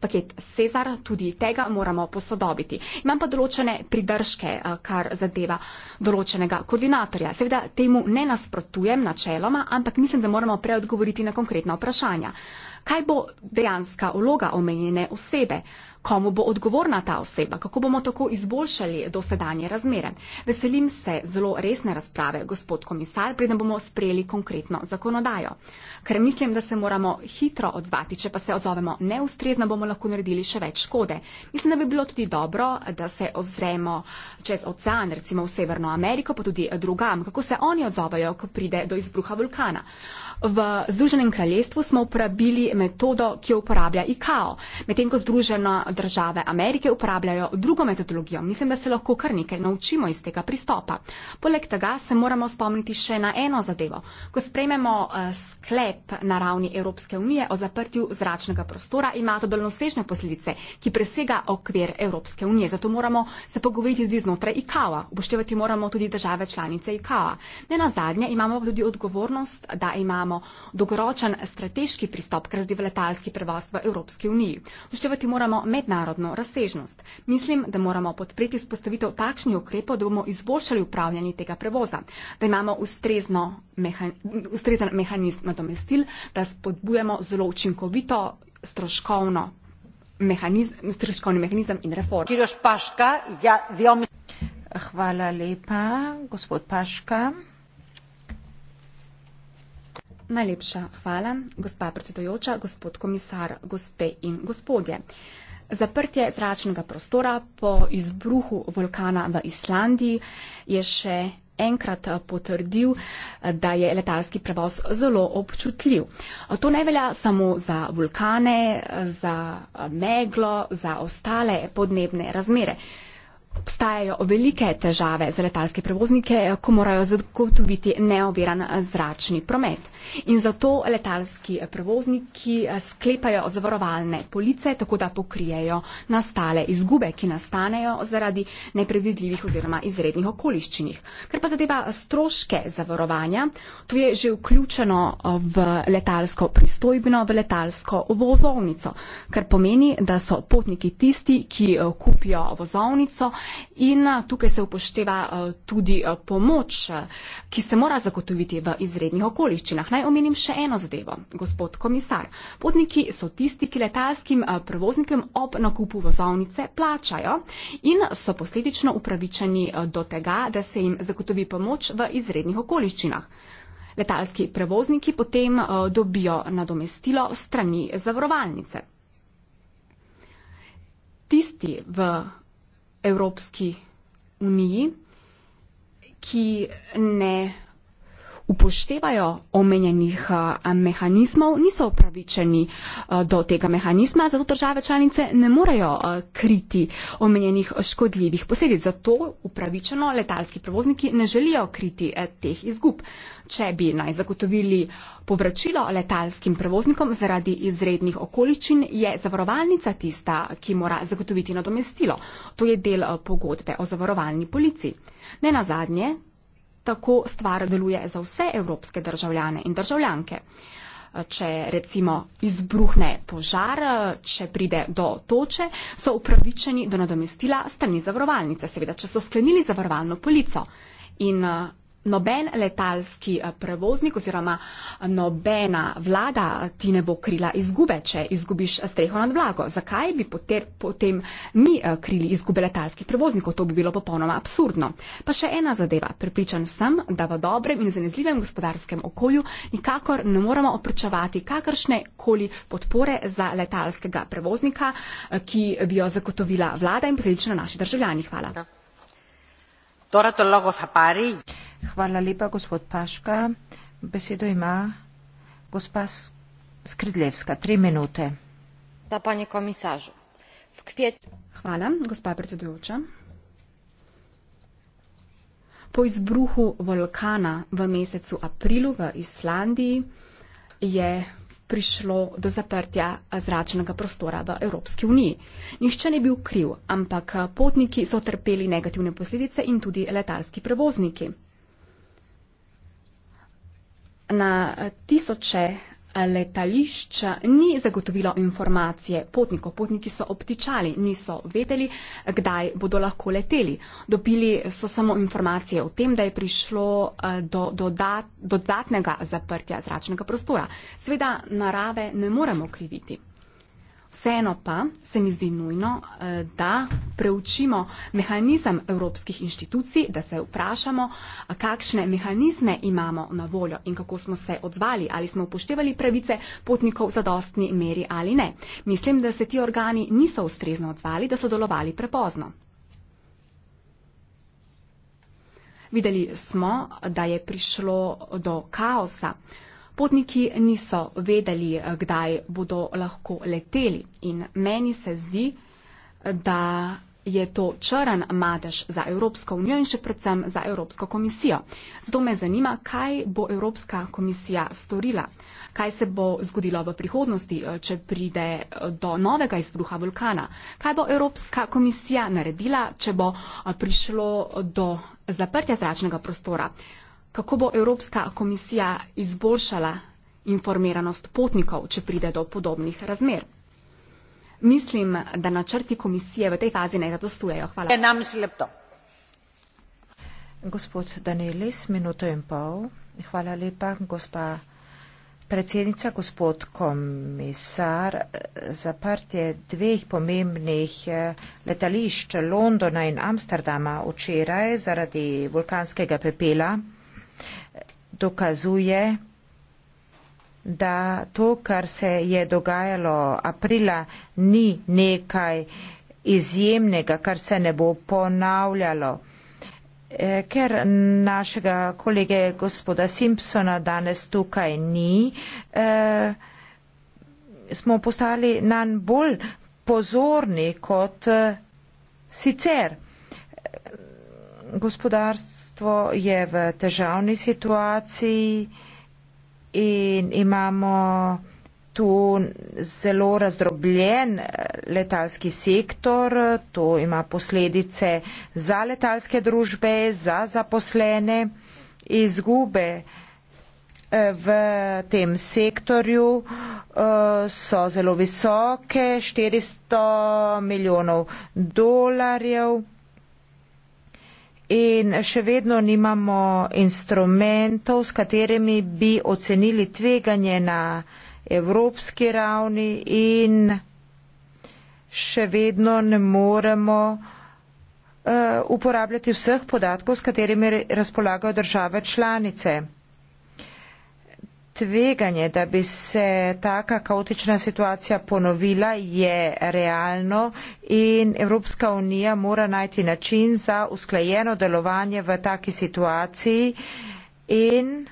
paket Cezar, tudi tega moramo posodobiti. Imam pa določene pridržke, eh, kar zadeva določenega koordinatorja. Seveda temu ne nasprotujem načeloma, ampak mislim, da moramo preodgovoriti na konkretna vprašanja. Kaj bo dejanska vloga omenjene osebe? komu bo odgovorna ta oseba, kako bomo tako izboljšali dosedanje razmere. Veselim se zelo resne razprave, gospod komisar, preden bomo sprejeli konkretno zakonodajo ker mislim, da se moramo hitro odzvati. Če pa se odzovemo neustrezno, bomo lahko naredili še več škode. Mislim, da bi bilo tudi dobro, da se ozremo čez ocean, recimo v Severno Ameriko, pa tudi drugam, kako se oni odzovajo, ko pride do izbruha vulkana. V Združenem kraljestvu smo uporabili metodo, ki jo uporablja ICAO, medtem ko Združene države Amerike uporabljajo drugo metodologijo. Mislim, da se lahko kar nekaj naučimo iz tega pristopa. Poleg tega se moramo spomniti še na eno zadevo. Ko sprejmemo eh, sklep, sklep na ravni Evropske unije o zaprtju zračnega prostora ima to dolnosežne posledice, ki presega okvir Evropske unije. Zato moramo se pogovoriti tudi znotraj IKAO-a. Upoštevati moramo tudi države članice IKAO-a. Ne na zadnje imamo tudi odgovornost, da imamo dolgoročen strateški pristop k razdivu letalski prevoz v Evropski uniji. Upoštevati moramo mednarodno razsežnost. Mislim, da moramo podpreti spostavitev takšnih ukrepov, da bomo izboljšali upravljanje tega prevoza, da imamo ustrezno mehan ustrezen mehanizm nadomestitve nadomestil, da spodbujamo zelo učinkovito stroškovno mehanizem, stroškovni mehanizem in reform. Ja, hvala lepa, gospod Paška. Najlepša hvala, gospa predsedujoča, gospod komisar, gospe in gospodje. Zaprtje zračnega prostora po izbruhu vulkana v Islandiji je še enkrat eh, potrdil, eh, da je letalski prevoz zelo občutljiv. Eh, to ne velja samo za vulkane, za meglo, za ostale podnebne razmere. Obstajajo velike težave za letalske prevoznike, ko morajo zagotoviti neoviran zračni promet. In zato letalski prevozniki sklepajo zavarovalne police, tako da pokrijejo nastale izgube, ki nastanejo zaradi nepredvidljivih oziroma izrednih okoliščinih. Ker pa zadeva stroške zavarovanja, to je že vključeno v letalsko pristojbino, v letalsko vozovnico, kar pomeni, da so potniki tisti, ki eh, kupijo vozovnico, in eh, tukaj se upošteva eh, tudi eh, pomoč, ki se mora zagotoviti v izrednih okoliščinah. Naj omenim še eno zadevo, gospod komisar. Potniki so tisti, ki letalskim prevoznikom ob nakupu vozovnice plačajo in so posledično upravičeni do tega, da se jim zagotovi pomoč v izrednih okoliščinah. Letalski prevozniki potem dobijo nadomestilo strani zavarovalnice. Tisti v Evropski uniji, ki ne upoštevajo omenjenih mehanizmov, niso upravičeni do tega mehanizma, zato države članice ne morejo kriti omenjenih škodljivih posledic. Zato upravičeno letalski prevozniki ne želijo kriti e, teh izgub. Če bi naj zagotovili povračilo letalskim prevoznikom zaradi izrednih okoličin, je zavarovalnica tista, ki mora zagotoviti nadomestilo. To je del pogodbe o zavarovalni polici. Ne na zadnje, tako stvar deluje za vse evropske državljane in državljanke. Če recimo izbruhne požar, če pride do toče, so upravičeni do nadomestila strani zavarovalnice, seveda, če so sklenili zavarovalno polico. In noben letalski eh, prevoznik oziroma eh, nobena vlada eh, ti ne bo krila izgube, če izgubiš streho nad vlago. Zakaj bi poter, potem mi krili izgube letalskih prevoznikov? To bi bilo popolnoma absurdno. Pa še ena zadeva. Pripričan sem, da v dobrem in zanezljivem gospodarskem okolju nikakor ne moramo opričevati kakršne koli podpore za letalskega prevoznika, ki bi jo zagotovila vlada in posledično naši državljani. Hvala. Tora to logo zapari. Hvala lepa, gospod Paška. Besedo ima gospa Skridlevska. Tri minute. Da, pani komisažu. V kvjet... Hvala, gospa predsedujoča. Po izbruhu vulkana v mesecu aprilu v Islandiji je prišlo do zaprtja zračnega prostora v Evropski uniji. Nišče ni bil kriv, ampak potniki so trpeli negativne posledice in tudi letalski prevozniki na tisoče eh, letališč eh, ni zagotovilo informacije potnikov. Potniki so obtičali, niso vedeli, kdaj bodo lahko leteli. Dobili so samo informacije o tem, da je prišlo eh, do dodatnega zaprtja zračnega prostora. Seveda narave ne moremo kriviti. Vseeno pa se mi zdi nujno, eh, da preučimo mehanizem evropskih inštitucij, da se vprašamo, kakšne mehanizme imamo na voljo in kako smo se odzvali, ali smo upoštevali pravice potnikov v zadostni meri ali ne. Mislim, da se ti organi niso ustrezno odzvali, da so delovali prepozno. Videli smo, da je prišlo do kaosa. Potniki niso vedeli, eh, kdaj bodo lahko leteli in meni se zdi, da je to črn madež za Evropsko unijo in še predvsem za Evropsko komisijo. Zato me zanima, kaj bo Evropska komisija storila. Kaj se bo zgodilo v prihodnosti, eh, če pride eh, do novega izbruha vulkana? Kaj bo Evropska komisija naredila, če bo prišlo do zaprtja zračnega prostora? kako bo Evropska komisija izboljšala informiranost potnikov, če pride do podobnih razmer. Mislim, da načrti komisije v tej fazi ne zadostujejo. Hvala. Gospod Danelis, minuto in pol. Hvala lepa, gospa predsednica, gospod komisar. Zaprtje dveh pomembnih eh, letališč Londona in Amsterdama včeraj zaradi vulkanskega pepela dokazuje, da to, kar se je dogajalo aprila, ni nekaj izjemnega, kar se ne bo ponavljalo. E, ker našega kolege gospoda Simpsona danes tukaj ni, e, smo postali nanj bolj pozorni kot e, sicer gospodarstvo je v težavni situaciji in imamo tu zelo razdrobljen eh, letalski sektor, to ima posledice za letalske družbe, za zaposlene, izgube eh, v tem sektorju eh, so zelo visoke, 400 milijonov dolarjev in še vedno nimamo instrumentov, s katerimi bi ocenili tveganje na evropski ravni in še vedno ne moremo eh, uporabljati vseh podatkov, s katerimi razpolagajo države članice tveganje, da bi se taka kaotična situacija ponovila, je realno in Evropska unija mora najti način za usklajeno delovanje v taki situaciji in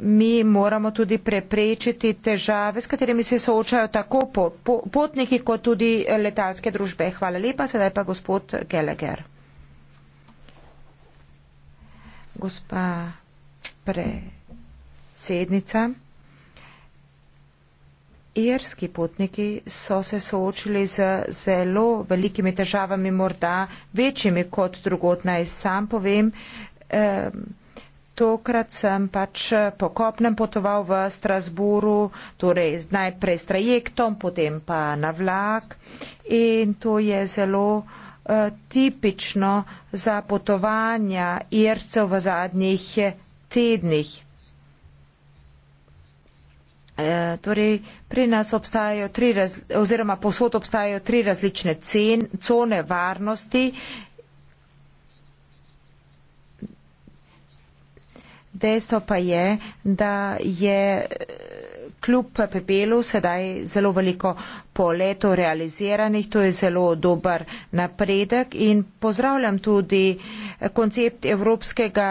mi moramo tudi preprečiti težave, s katerimi se soočajo tako po, po, potniki kot tudi letalske družbe. Hvala lepa, sedaj pa gospod Geleger. Gospa pre predsednica. Irski potniki so se soočili z zelo velikimi težavami, morda večjimi kot drugot naj sam povem. E, tokrat sem pač po kopnem potoval v Strasburu, torej najprej s trajektom, potem pa na vlak in to je zelo e, tipično za potovanja ircev v zadnjih e, tednih. Eh, torej pri nas obstajajo tri, raz, oziroma posod obstajajo tri različne cen, cone varnosti. Dejstvo pa je, da je eh, kljub pepelu sedaj zelo veliko po letu realiziranih. To je zelo dober napredek in pozdravljam tudi koncept evropskega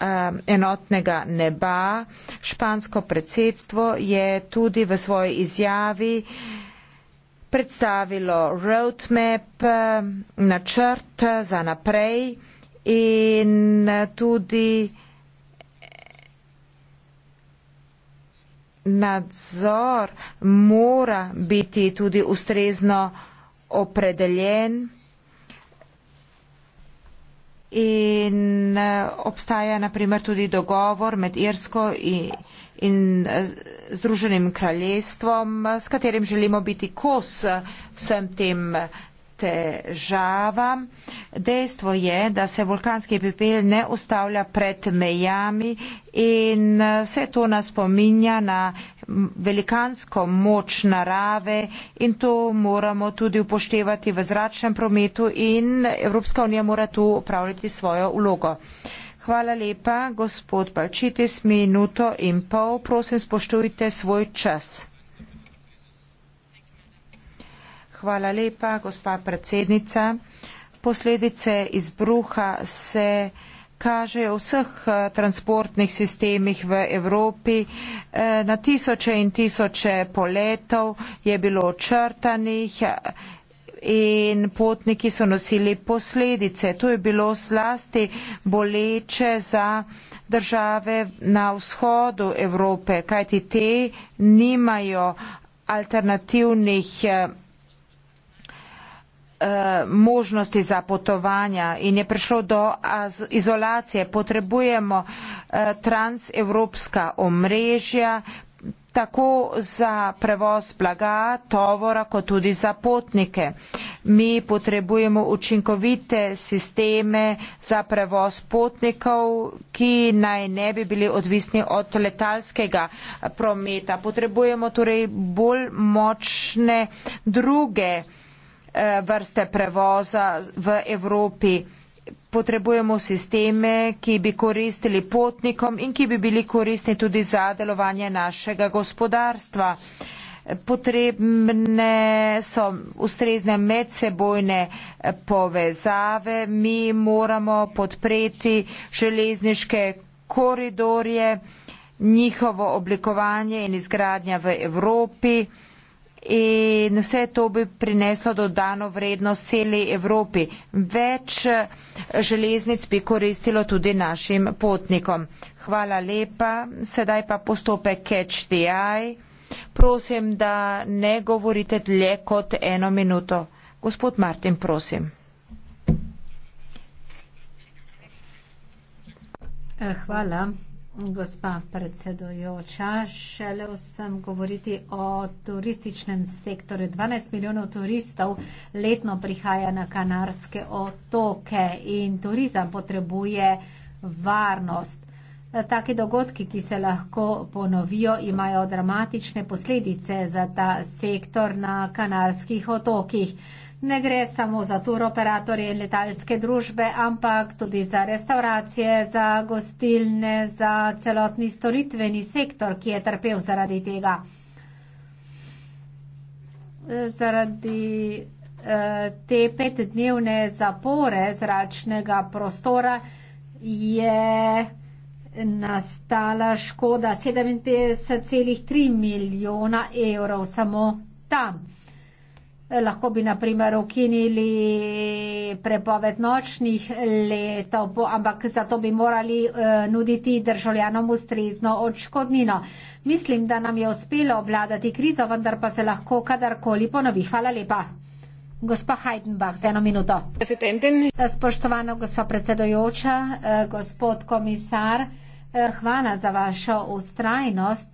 eh, enotnega neba. Špansko predsedstvo je tudi v svoji izjavi predstavilo roadmap, eh, načrt za naprej in tudi nadzor mora biti tudi ustrezno opredeljen in eh, obstaja naprimer tudi dogovor med Irsko in, in eh, Združenim kraljestvom, s katerim želimo biti kos eh, vsem tem težava. Dejstvo je, da se vulkanski pepel ne ustavlja pred mejami in eh, vse to nas spominja na velikansko moč narave in to moramo tudi upoštevati v zračnem prometu in Evropska unija mora tu upravljati svojo ulogo. Hvala lepa, gospod Balčitis, minuto in pol, prosim, spoštujte svoj čas. Hvala lepa, gospa predsednica. Posledice izbruha se kažejo v vseh eh, transportnih sistemih v Evropi. Eh, na tisoče in tisoče poletov je bilo očrtanih eh, in potniki so nosili posledice. To je bilo zlasti boleče za države na vzhodu Evrope, kajti te nimajo alternativnih Eh, možnosti za potovanja in je prišlo do izolacije. Potrebujemo eh, transevropska omrežja tako za prevoz blaga, tovora, kot tudi za potnike. Mi potrebujemo učinkovite sisteme za prevoz potnikov, ki naj ne bi bili odvisni od letalskega eh, prometa. Potrebujemo torej bolj močne druge Eh, vrste prevoza v Evropi. Potrebujemo sisteme, ki bi koristili potnikom in ki bi bili koristni tudi za delovanje našega gospodarstva. Potrebne so ustrezne medsebojne eh, povezave. Mi moramo podpreti železniške koridorje, njihovo oblikovanje in izgradnja v Evropi in vse to bi prineslo dodano vrednost celi Evropi. Več eh, železnic bi koristilo tudi našim potnikom. Hvala lepa. Sedaj pa postopek Catch the Eye. Prosim, da ne govorite dlje kot eno minuto. Gospod Martin, prosim. Eh, hvala. Gospa predsedojoča, želel sem govoriti o turističnem sektorju. 12 milijonov turistov letno prihaja na Kanarske otoke in turizem potrebuje varnost. Taki dogodki, ki se lahko ponovijo, imajo dramatične posledice za ta sektor na Kanarskih otokih. Ne gre samo za turoperatorje in letalske družbe, ampak tudi za restauracije, za gostilne, za celotni storitveni sektor, ki je trpel zaradi tega. Zaradi eh, te petdnevne zapore zračnega prostora je nastala škoda 57,3 milijona evrov samo tam. Lahko bi naprimer ukinili prepoved nočnih letov, ampak za to bi morali eh, nuditi državljanom ustrezno odškodnino. Mislim, da nam je uspelo obladati krizo, vendar pa se lahko kadarkoli ponovi. Hvala lepa. Gospa Heidenbach, za eno minuto. Spoštovana gospa predsedojoča, eh, gospod komisar, eh, hvala za vašo ustrajnost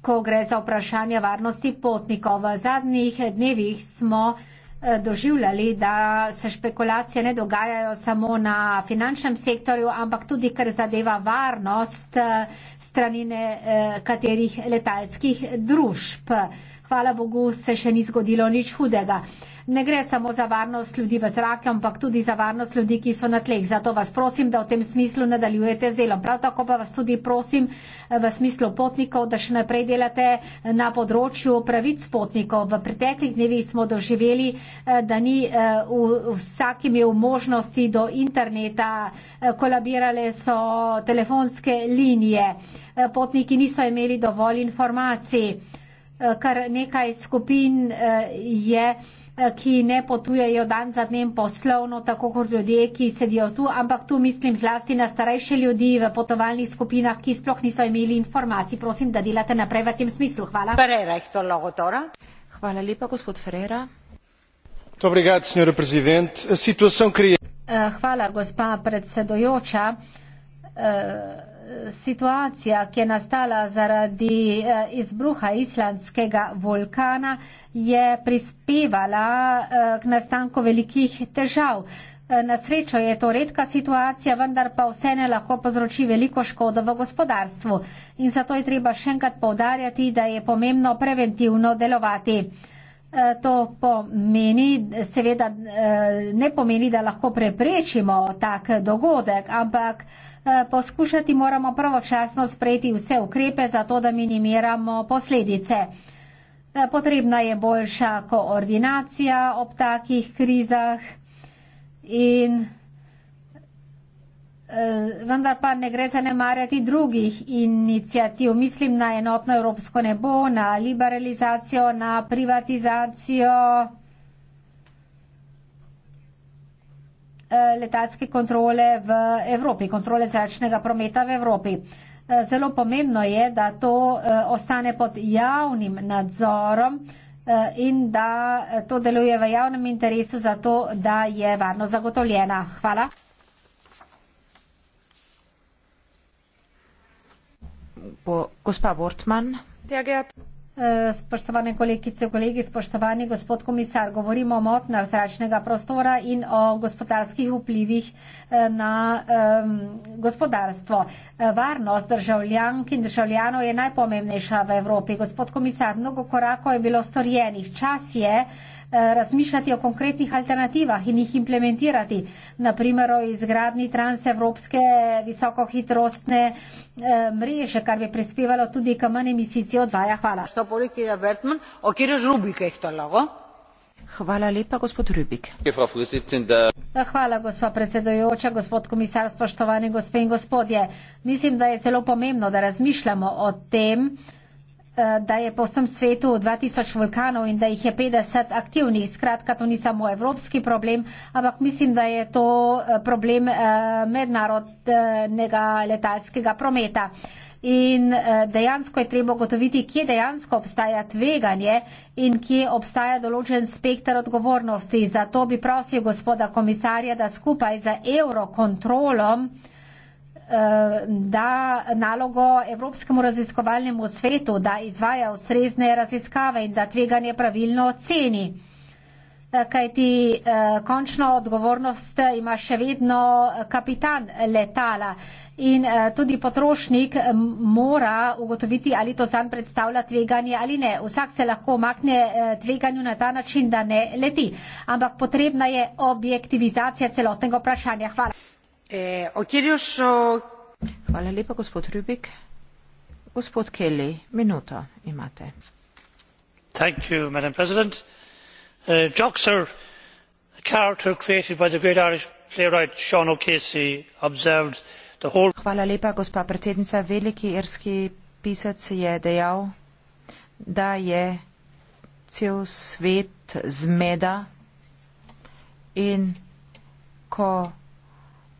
ko gre za vprašanje varnosti potnikov. V zadnjih dnevih smo eh, doživljali, da se špekulacije ne dogajajo samo na finančnem sektorju, ampak tudi, ker zadeva varnost eh, stranine eh, katerih letalskih družb. Hvala Bogu, se še ni zgodilo nič hudega ne gre samo za varnost ljudi v zraku, ampak tudi za varnost ljudi, ki so na tleh. Zato vas prosim, da v tem smislu nadaljujete z delom. Prav tako pa vas tudi prosim eh, v smislu potnikov, da še naprej delate eh, na področju pravic potnikov. V preteklih dnevih smo doživeli, eh, da ni vsak imel možnosti do interneta, kolabirale so telefonske linije, potniki niso imeli dovolj informacij. Kar nekaj skupin je. Yeah. Eh, ki ne potujejo dan za dnem poslovno, tako kot ljudje, ki sedijo tu, ampak tu mislim zlasti na starejše ljudi v potovalnih skupinah, ki sploh niso imeli informacij. Prosim, da delate naprej v tem smislu. Hvala. Ferreira, je to logo tora? Hvala lepa, gospod Ferreira. Obrigado, senhor presidente. A situação cria. Eh, hvala, gospa predsedujoča. Uh, situacija, ki je nastala zaradi eh, izbruha islandskega vulkana, je prispevala eh, k nastanku velikih težav. Eh, na srečo je to redka situacija, vendar pa vse ne lahko povzroči veliko škodo v gospodarstvu. In zato je treba še enkrat povdarjati, da je pomembno preventivno delovati. To pomeni, seveda ne pomeni, da lahko preprečimo tak dogodek, ampak. Eh, poskušati moramo pravočasno sprejeti vse ukrepe za to, da minimiramo posledice. Eh, potrebna je boljša koordinacija ob takih krizah in eh, vendar pa ne gre zanemarjati drugih inicijativ. Mislim na enotno evropsko nebo, na liberalizacijo, na privatizacijo. Eh, letalske kontrole v Evropi, kontrole zračnega prometa v Evropi. Eh, zelo pomembno je, da to eh, ostane pod javnim nadzorom in da to deluje v javnem interesu za to, da je varno zagotovljena. Hvala. Gospa Wortman. Ja, Eh, spoštovane kolegice in kolegi, spoštovani gospod komisar, govorimo o motnah zračnega prostora in o gospodarskih vplivih eh, na um, gospodarstvo. Eh, varnost državljank in državljanov je najpomembnejša v Evropi. Gospod komisar, mnogo korakov je bilo storjenih. Čas je razmišljati o konkretnih alternativah in jih implementirati, naprimer o izgradni transevropske visokohitrostne uh, Eh, mreže, kar bi prispevalo tudi k manj emisij CO2. -ja. Hvala. Hvala lepa, gospod Rubik. Ja, hvala, gospa predsedojoča, gospod komisar, spoštovani gospe in gospodje. Mislim, da je zelo pomembno, da razmišljamo o tem, Eh, da je po vsem svetu 2000 vulkanov in da jih je 50 aktivnih. Skratka, to ni samo evropski problem, ampak mislim, da je to eh, problem eh, mednarodnega letalskega prometa. In dejansko je treba gotoviti, kje dejansko obstaja tveganje in kje obstaja določen spektr odgovornosti. Zato bi prosil gospoda komisarja, da skupaj za eurokontrolom Eh, da nalogo Evropskemu raziskovalnemu svetu, da izvaja ustrezne raziskave in da tveganje pravilno oceni. Eh, kajti eh, končno odgovornost ima še vedno kapitan letala in tudi potrošnik mora ugotoviti, ali to zanj predstavlja tveganje ali ne. Vsak se lahko omakne tveganju na ta način, da ne leti. Ampak potrebna je objektivizacija celotnega vprašanja. Hvala. Eh, madam president uh, jocks are a character created by the great irish playwright sean o'casey observed the whole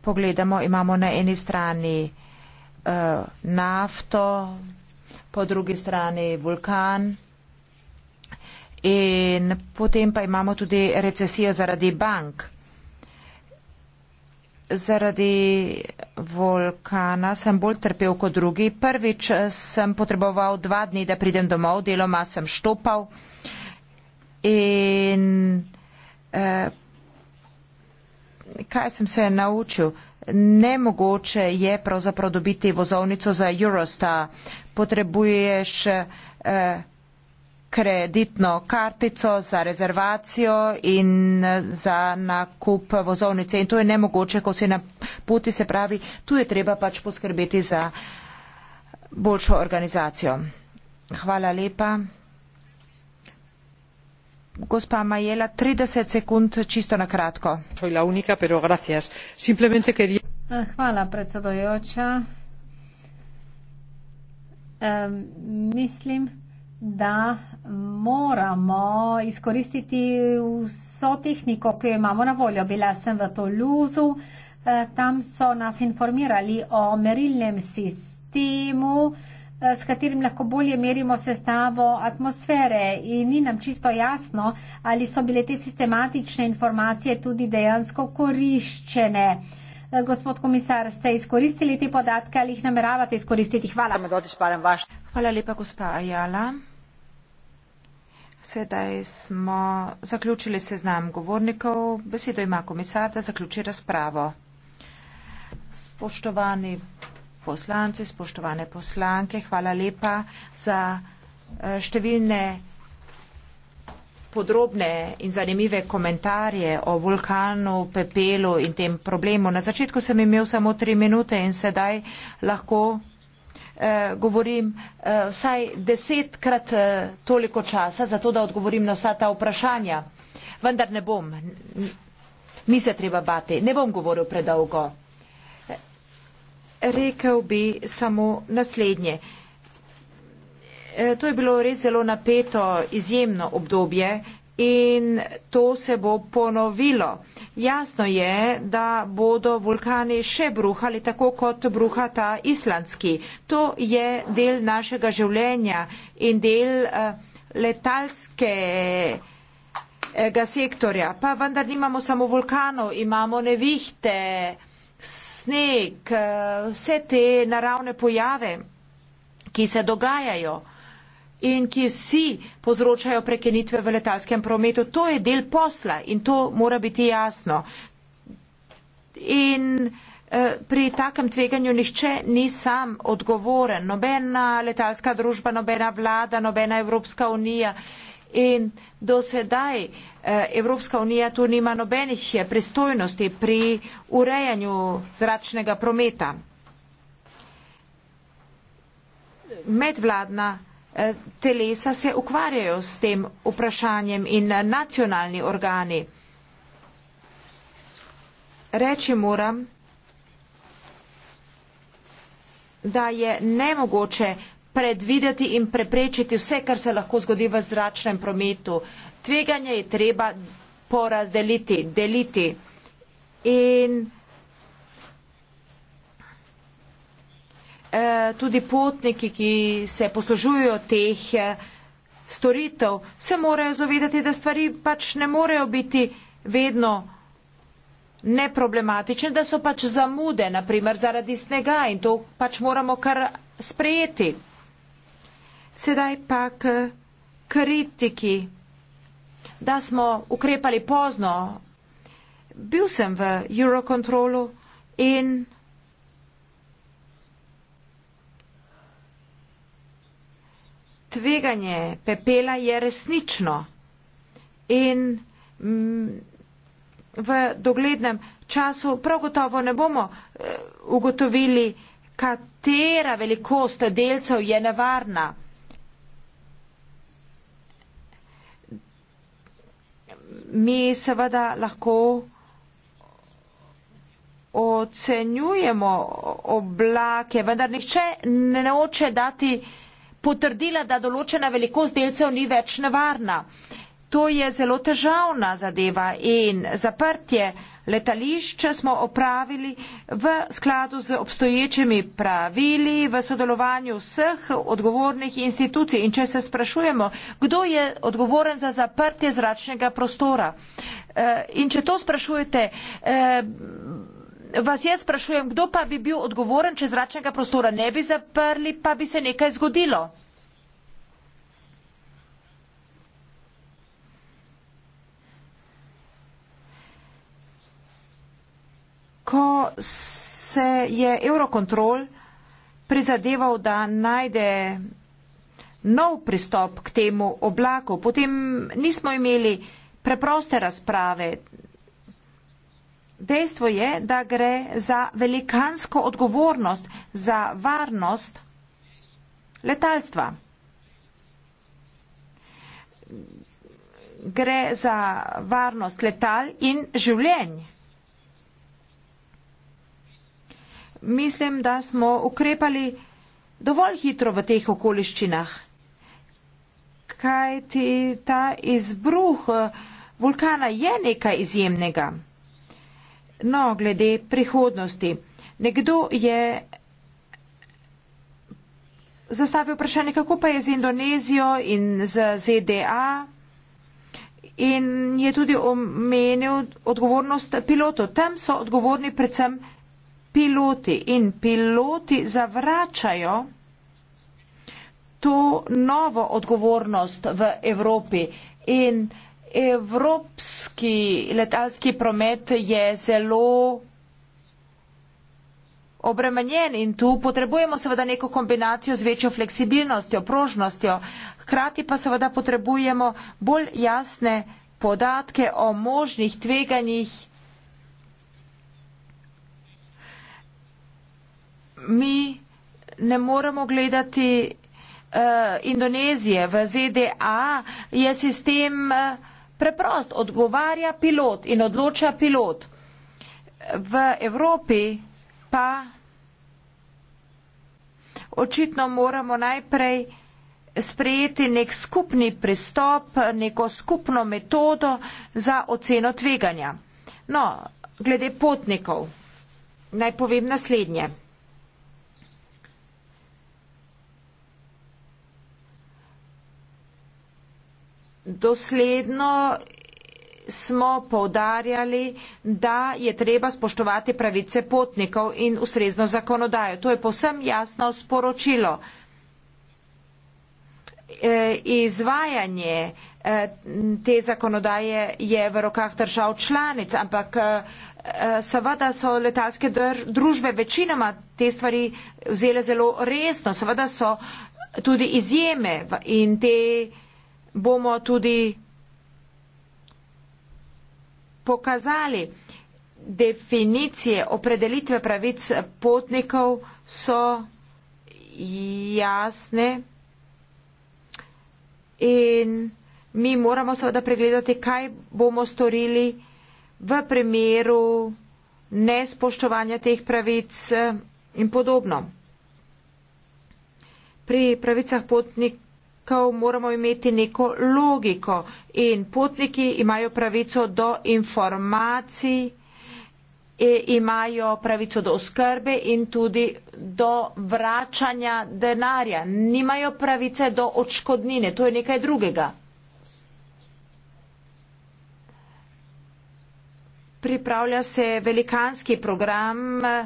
pogledamo, imamo na eni strani uh, nafto, po drugi strani vulkan in potem pa imamo tudi recesijo zaradi bank. Zaradi vulkana sem bolj trpel kot drugi. Prvič sem potreboval dva dni, da pridem domov, deloma sem štopal in eh, kaj sem se naučil? Nemogoče je pravzaprav dobiti vozovnico za Eurostar. Potrebuješ eh, kreditno kartico za rezervacijo in eh, za nakup vozovnice. In to je nemogoče, ko si na poti, se pravi, tu je treba pač poskrbeti za boljšo organizacijo. Hvala lepa gospa majela trideset sekund čisto na kratko eh, hvala predsedujoča mislim da moramo izkoristiti vso tehniko ki jo imamo na voljo bila sem v toluzu eh, tam so nas informirali o merilnem sistemu Eh, s katerim lahko bolje merimo sestavo atmosfere in ni nam čisto jasno, ali so bile te sistematične informacije tudi dejansko koriščene. Eh, gospod komisar, ste izkoristili te podatke ali jih nameravate izkoristiti? Hvala. Hvala lepa, gospa Ajala. Sedaj smo zaključili seznam govornikov. Besedo ima komisar, da zaključi razpravo. Spoštovani poslance, spoštovane poslanke, hvala lepa za eh, številne podrobne in zanimive komentarje o vulkanu, pepelu in tem problemu. Na začetku sem imel samo tri minute in sedaj lahko eh, govorim eh, vsaj desetkrat eh, toliko časa, zato da odgovorim na vsa ta vprašanja. Vendar ne bom, ni se treba bati, ne bom govoril predolgo rekel bi samo naslednje. E, to je bilo res zelo napeto, izjemno obdobje in to se bo ponovilo. Jasno je, da bodo vulkani še bruhali tako, kot bruha ta islandski. To je del našega življenja in del e, letalskega sektorja. Pa vendar nimamo samo vulkanov, imamo nevihte sneg, vse te naravne pojave, ki se dogajajo in ki vsi povzročajo prekenitve v letalskem prometu. To je del posla in to mora biti jasno. In eh, pri takem tveganju nišče ni sam odgovoren, nobena letalska družba, nobena vlada, nobena Evropska unija. In do sedaj eh, Evropska unija tu nima nobenih eh, pristojnosti pri urejanju zračnega prometa. Medvladna eh, telesa se ukvarjajo s tem vprašanjem in nacionalni organi. Reči moram, da je nemogoče predvideti in preprečiti vse, kar se lahko zgodi v zračnem prometu. Tveganje je treba porazdeliti, deliti. In eh, tudi potniki, ki se poslužujo teh eh, storitev, se morajo zavedati, da stvari pač ne morejo biti vedno neproblematične, da so pač zamude, naprimer zaradi snega in to pač moramo kar sprejeti. Sedaj pa k kritiki, da smo ukrepali pozno. Bil sem v Eurocontrolu in tveganje pepela je resnično. In mm, v doglednem času prav gotovo ne bomo eh, ugotovili, katera velikost delcev je nevarna. mi seveda lahko ocenjujemo oblake, vendar nihče ne oče dati potrdila, da določena velikost delcev ni več nevarna. Uh, To je zelo težavna zadeva in zaprtje letališča smo opravili v skladu z obstoječimi pravili, v sodelovanju vseh odgovornih institucij. In če se sprašujemo, kdo je odgovoren za zaprtje zračnega prostora. E, in če to sprašujete, e, vas jaz sprašujem, kdo pa bi bil odgovoren, če zračnega prostora ne bi zaprli, pa bi se nekaj zgodilo. ko se je Eurocontrol prizadeval, da najde nov pristop k temu oblaku. Potem nismo imeli preproste razprave. Dejstvo je, da gre za velikansko odgovornost za varnost letalstva. Gre za varnost letal in življenj. mislim, da smo ukrepali dovolj hitro v teh okoliščinah. Kaj ti ta izbruh eh, vulkana je nekaj izjemnega? No, glede prihodnosti. Nekdo je zastavil vprašanje, kako pa je z Indonezijo in z ZDA in je tudi omenil odgovornost pilotov. Tam so odgovorni predvsem piloti in piloti zavračajo to novo odgovornost v Evropi in evropski letalski promet je zelo obremenjen in tu potrebujemo seveda neko kombinacijo z večjo fleksibilnostjo, prožnostjo, hkrati pa seveda potrebujemo bolj jasne podatke o možnih tveganjih mi ne moremo gledati uh, Indonezije. V ZDA je sistem eh, preprost, odgovarja pilot in odloča pilot. V Evropi pa očitno moramo najprej sprejeti nek skupni pristop, neko skupno metodo za oceno tveganja. No, glede potnikov, naj povem naslednje. dosledno smo povdarjali, da je treba spoštovati pravice potnikov in ustrezno zakonodajo. To je posem jasno sporočilo. E, izvajanje e, te zakonodaje je v rokah držav članic, ampak e, seveda so letalske dr družbe večinoma te stvari vzele zelo resno. Seveda so tudi izjeme in te bomo tudi pokazali. Definicije opredelitve pravic potnikov so jasne in mi moramo seveda pregledati, kaj bomo storili v primeru nespoštovanja teh pravic in podobno. Pri pravicah potnik, potnikov moramo imeti neko logiko in potniki imajo pravico do informacij, e, imajo pravico do oskrbe in tudi do vračanja denarja. Nimajo pravice do odškodnine, to je nekaj drugega. Pripravlja se velikanski program e,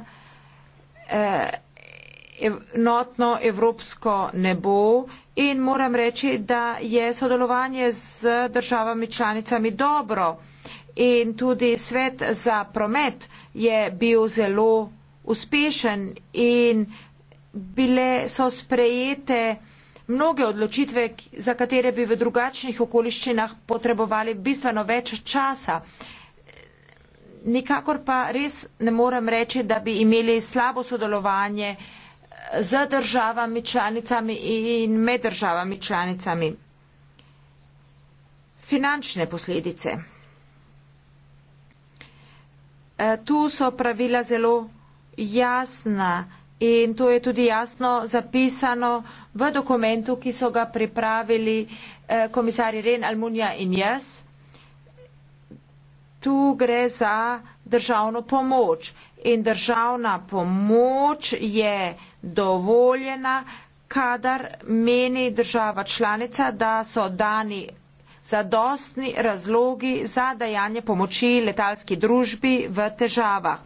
enotno evropsko nebo in moram reči, da je sodelovanje z državami članicami dobro in tudi svet za promet je bil zelo uspešen in bile so sprejete mnoge odločitve, za katere bi v drugačnih okoliščinah potrebovali bistveno več časa. Nikakor pa res ne morem reči, da bi imeli slabo sodelovanje eh, z državami članicami in med državami članicami. Finančne posledice. E, tu so pravila zelo jasna in to je tudi jasno zapisano v dokumentu, ki so ga pripravili e, komisarji Ren, Almunja in jaz. Tu gre za državno pomoč in državna pomoč je dovoljena, kadar meni država članica, da so dani zadostni razlogi za dajanje pomoči letalski družbi v težavah.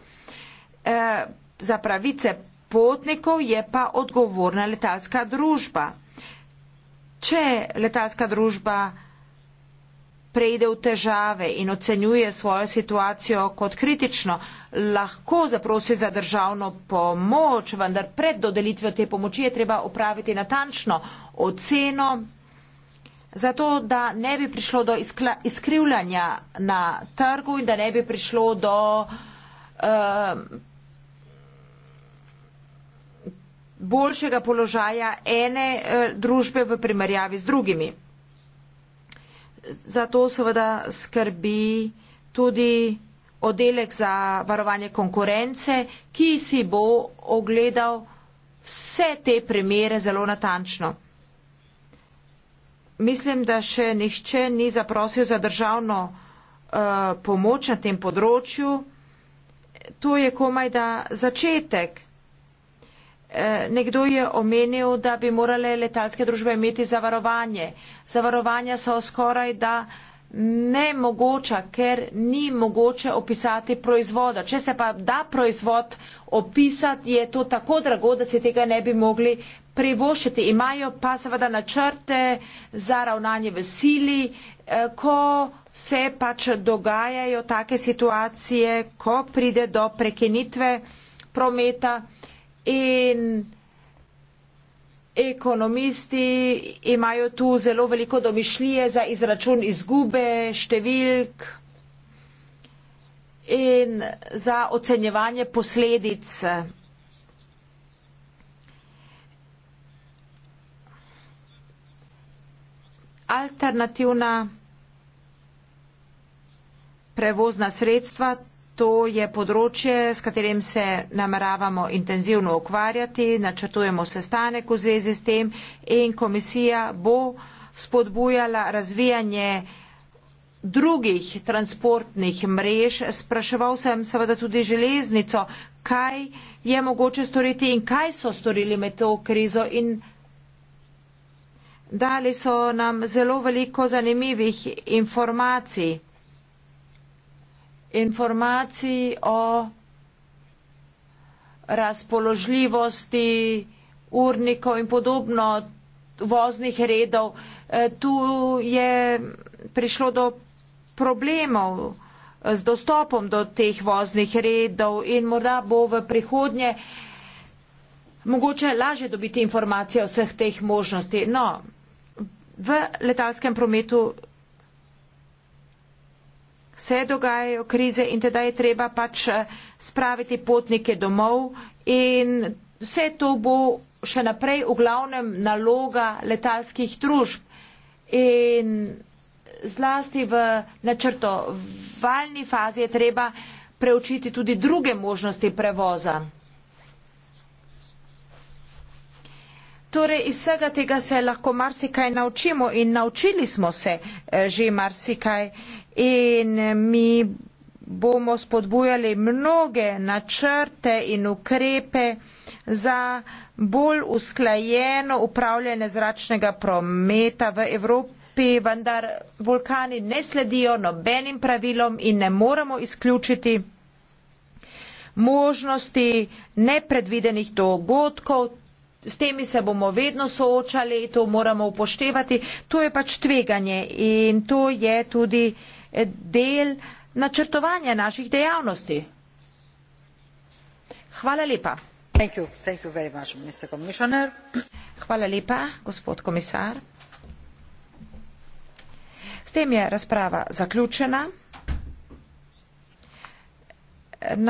E, za pravice potnikov je pa odgovorna letalska družba. Če letalska družba preide v težave in ocenjuje svojo situacijo kot kritično, lahko zaprosi za državno pomoč, vendar pred dodelitvijo te pomoči je treba upraviti natančno oceno, zato da ne bi prišlo do izkrivljanja na trgu in da ne bi prišlo do uh, boljšega položaja ene uh, družbe v primerjavi z drugimi za to seveda skrbi tudi oddelek za varovanje konkurence, ki si bo ogledal vse te primere zelo natančno. Mislim, da še nihče ni zaprosil za državno uh, pomoč na tem področju. To je komaj da začetek. Eh, nekdo je omenil, da bi morale letalske družbe imeti zavarovanje. Zavarovanja so skoraj da nemogoča, ker ni mogoče opisati proizvoda. Če se pa da proizvod opisati, je to tako drago, da se tega ne bi mogli privošiti. Imajo pa seveda načrte za ravnanje v sili, eh, ko se pač dogajajo take situacije, ko pride do prekinitve prometa in ekonomisti imajo tu zelo veliko domišljije za izračun izgube, številk in za ocenjevanje posledic. Alternativna prevozna sredstva, to je področje, s katerim se nameravamo intenzivno ukvarjati, načrtujemo sestanek v zvezi s tem in komisija bo spodbujala razvijanje drugih transportnih mrež. Spraševal sem seveda tudi železnico, kaj je mogoče storiti in kaj so storili med to krizo in dali so nam zelo veliko zanimivih informacij informacij o razpoložljivosti urnikov in podobno voznih redov. E, tu je prišlo do problemov z dostopom do teh voznih redov in morda bo v prihodnje mogoče lažje dobiti informacije o vseh teh možnosti. No, v letalskem prometu se dogajajo krize in teda je treba pač eh, spraviti potnike domov in vse to bo še naprej v glavnem naloga letalskih družb. In zlasti v načrtovalni fazi je treba preučiti tudi druge možnosti prevoza. Torej, iz vsega tega se lahko marsikaj naučimo in naučili smo se eh, že marsikaj in eh, mi bomo spodbujali mnoge načrte in ukrepe za bolj usklajeno upravljanje zračnega prometa v Evropi vendar vulkani ne sledijo nobenim pravilom in ne moremo izključiti možnosti nepredvidenih dogodkov. S temi se bomo vedno soočali, to moramo upoštevati. To je pač tveganje in to je tudi eh, Eh, del načrtovanja naših dejavnosti. Hvala lepa. Thank you. Thank you very much, Mr. Commissioner. Hvala lepa, gospod komisar. S tem je razprava zaključena.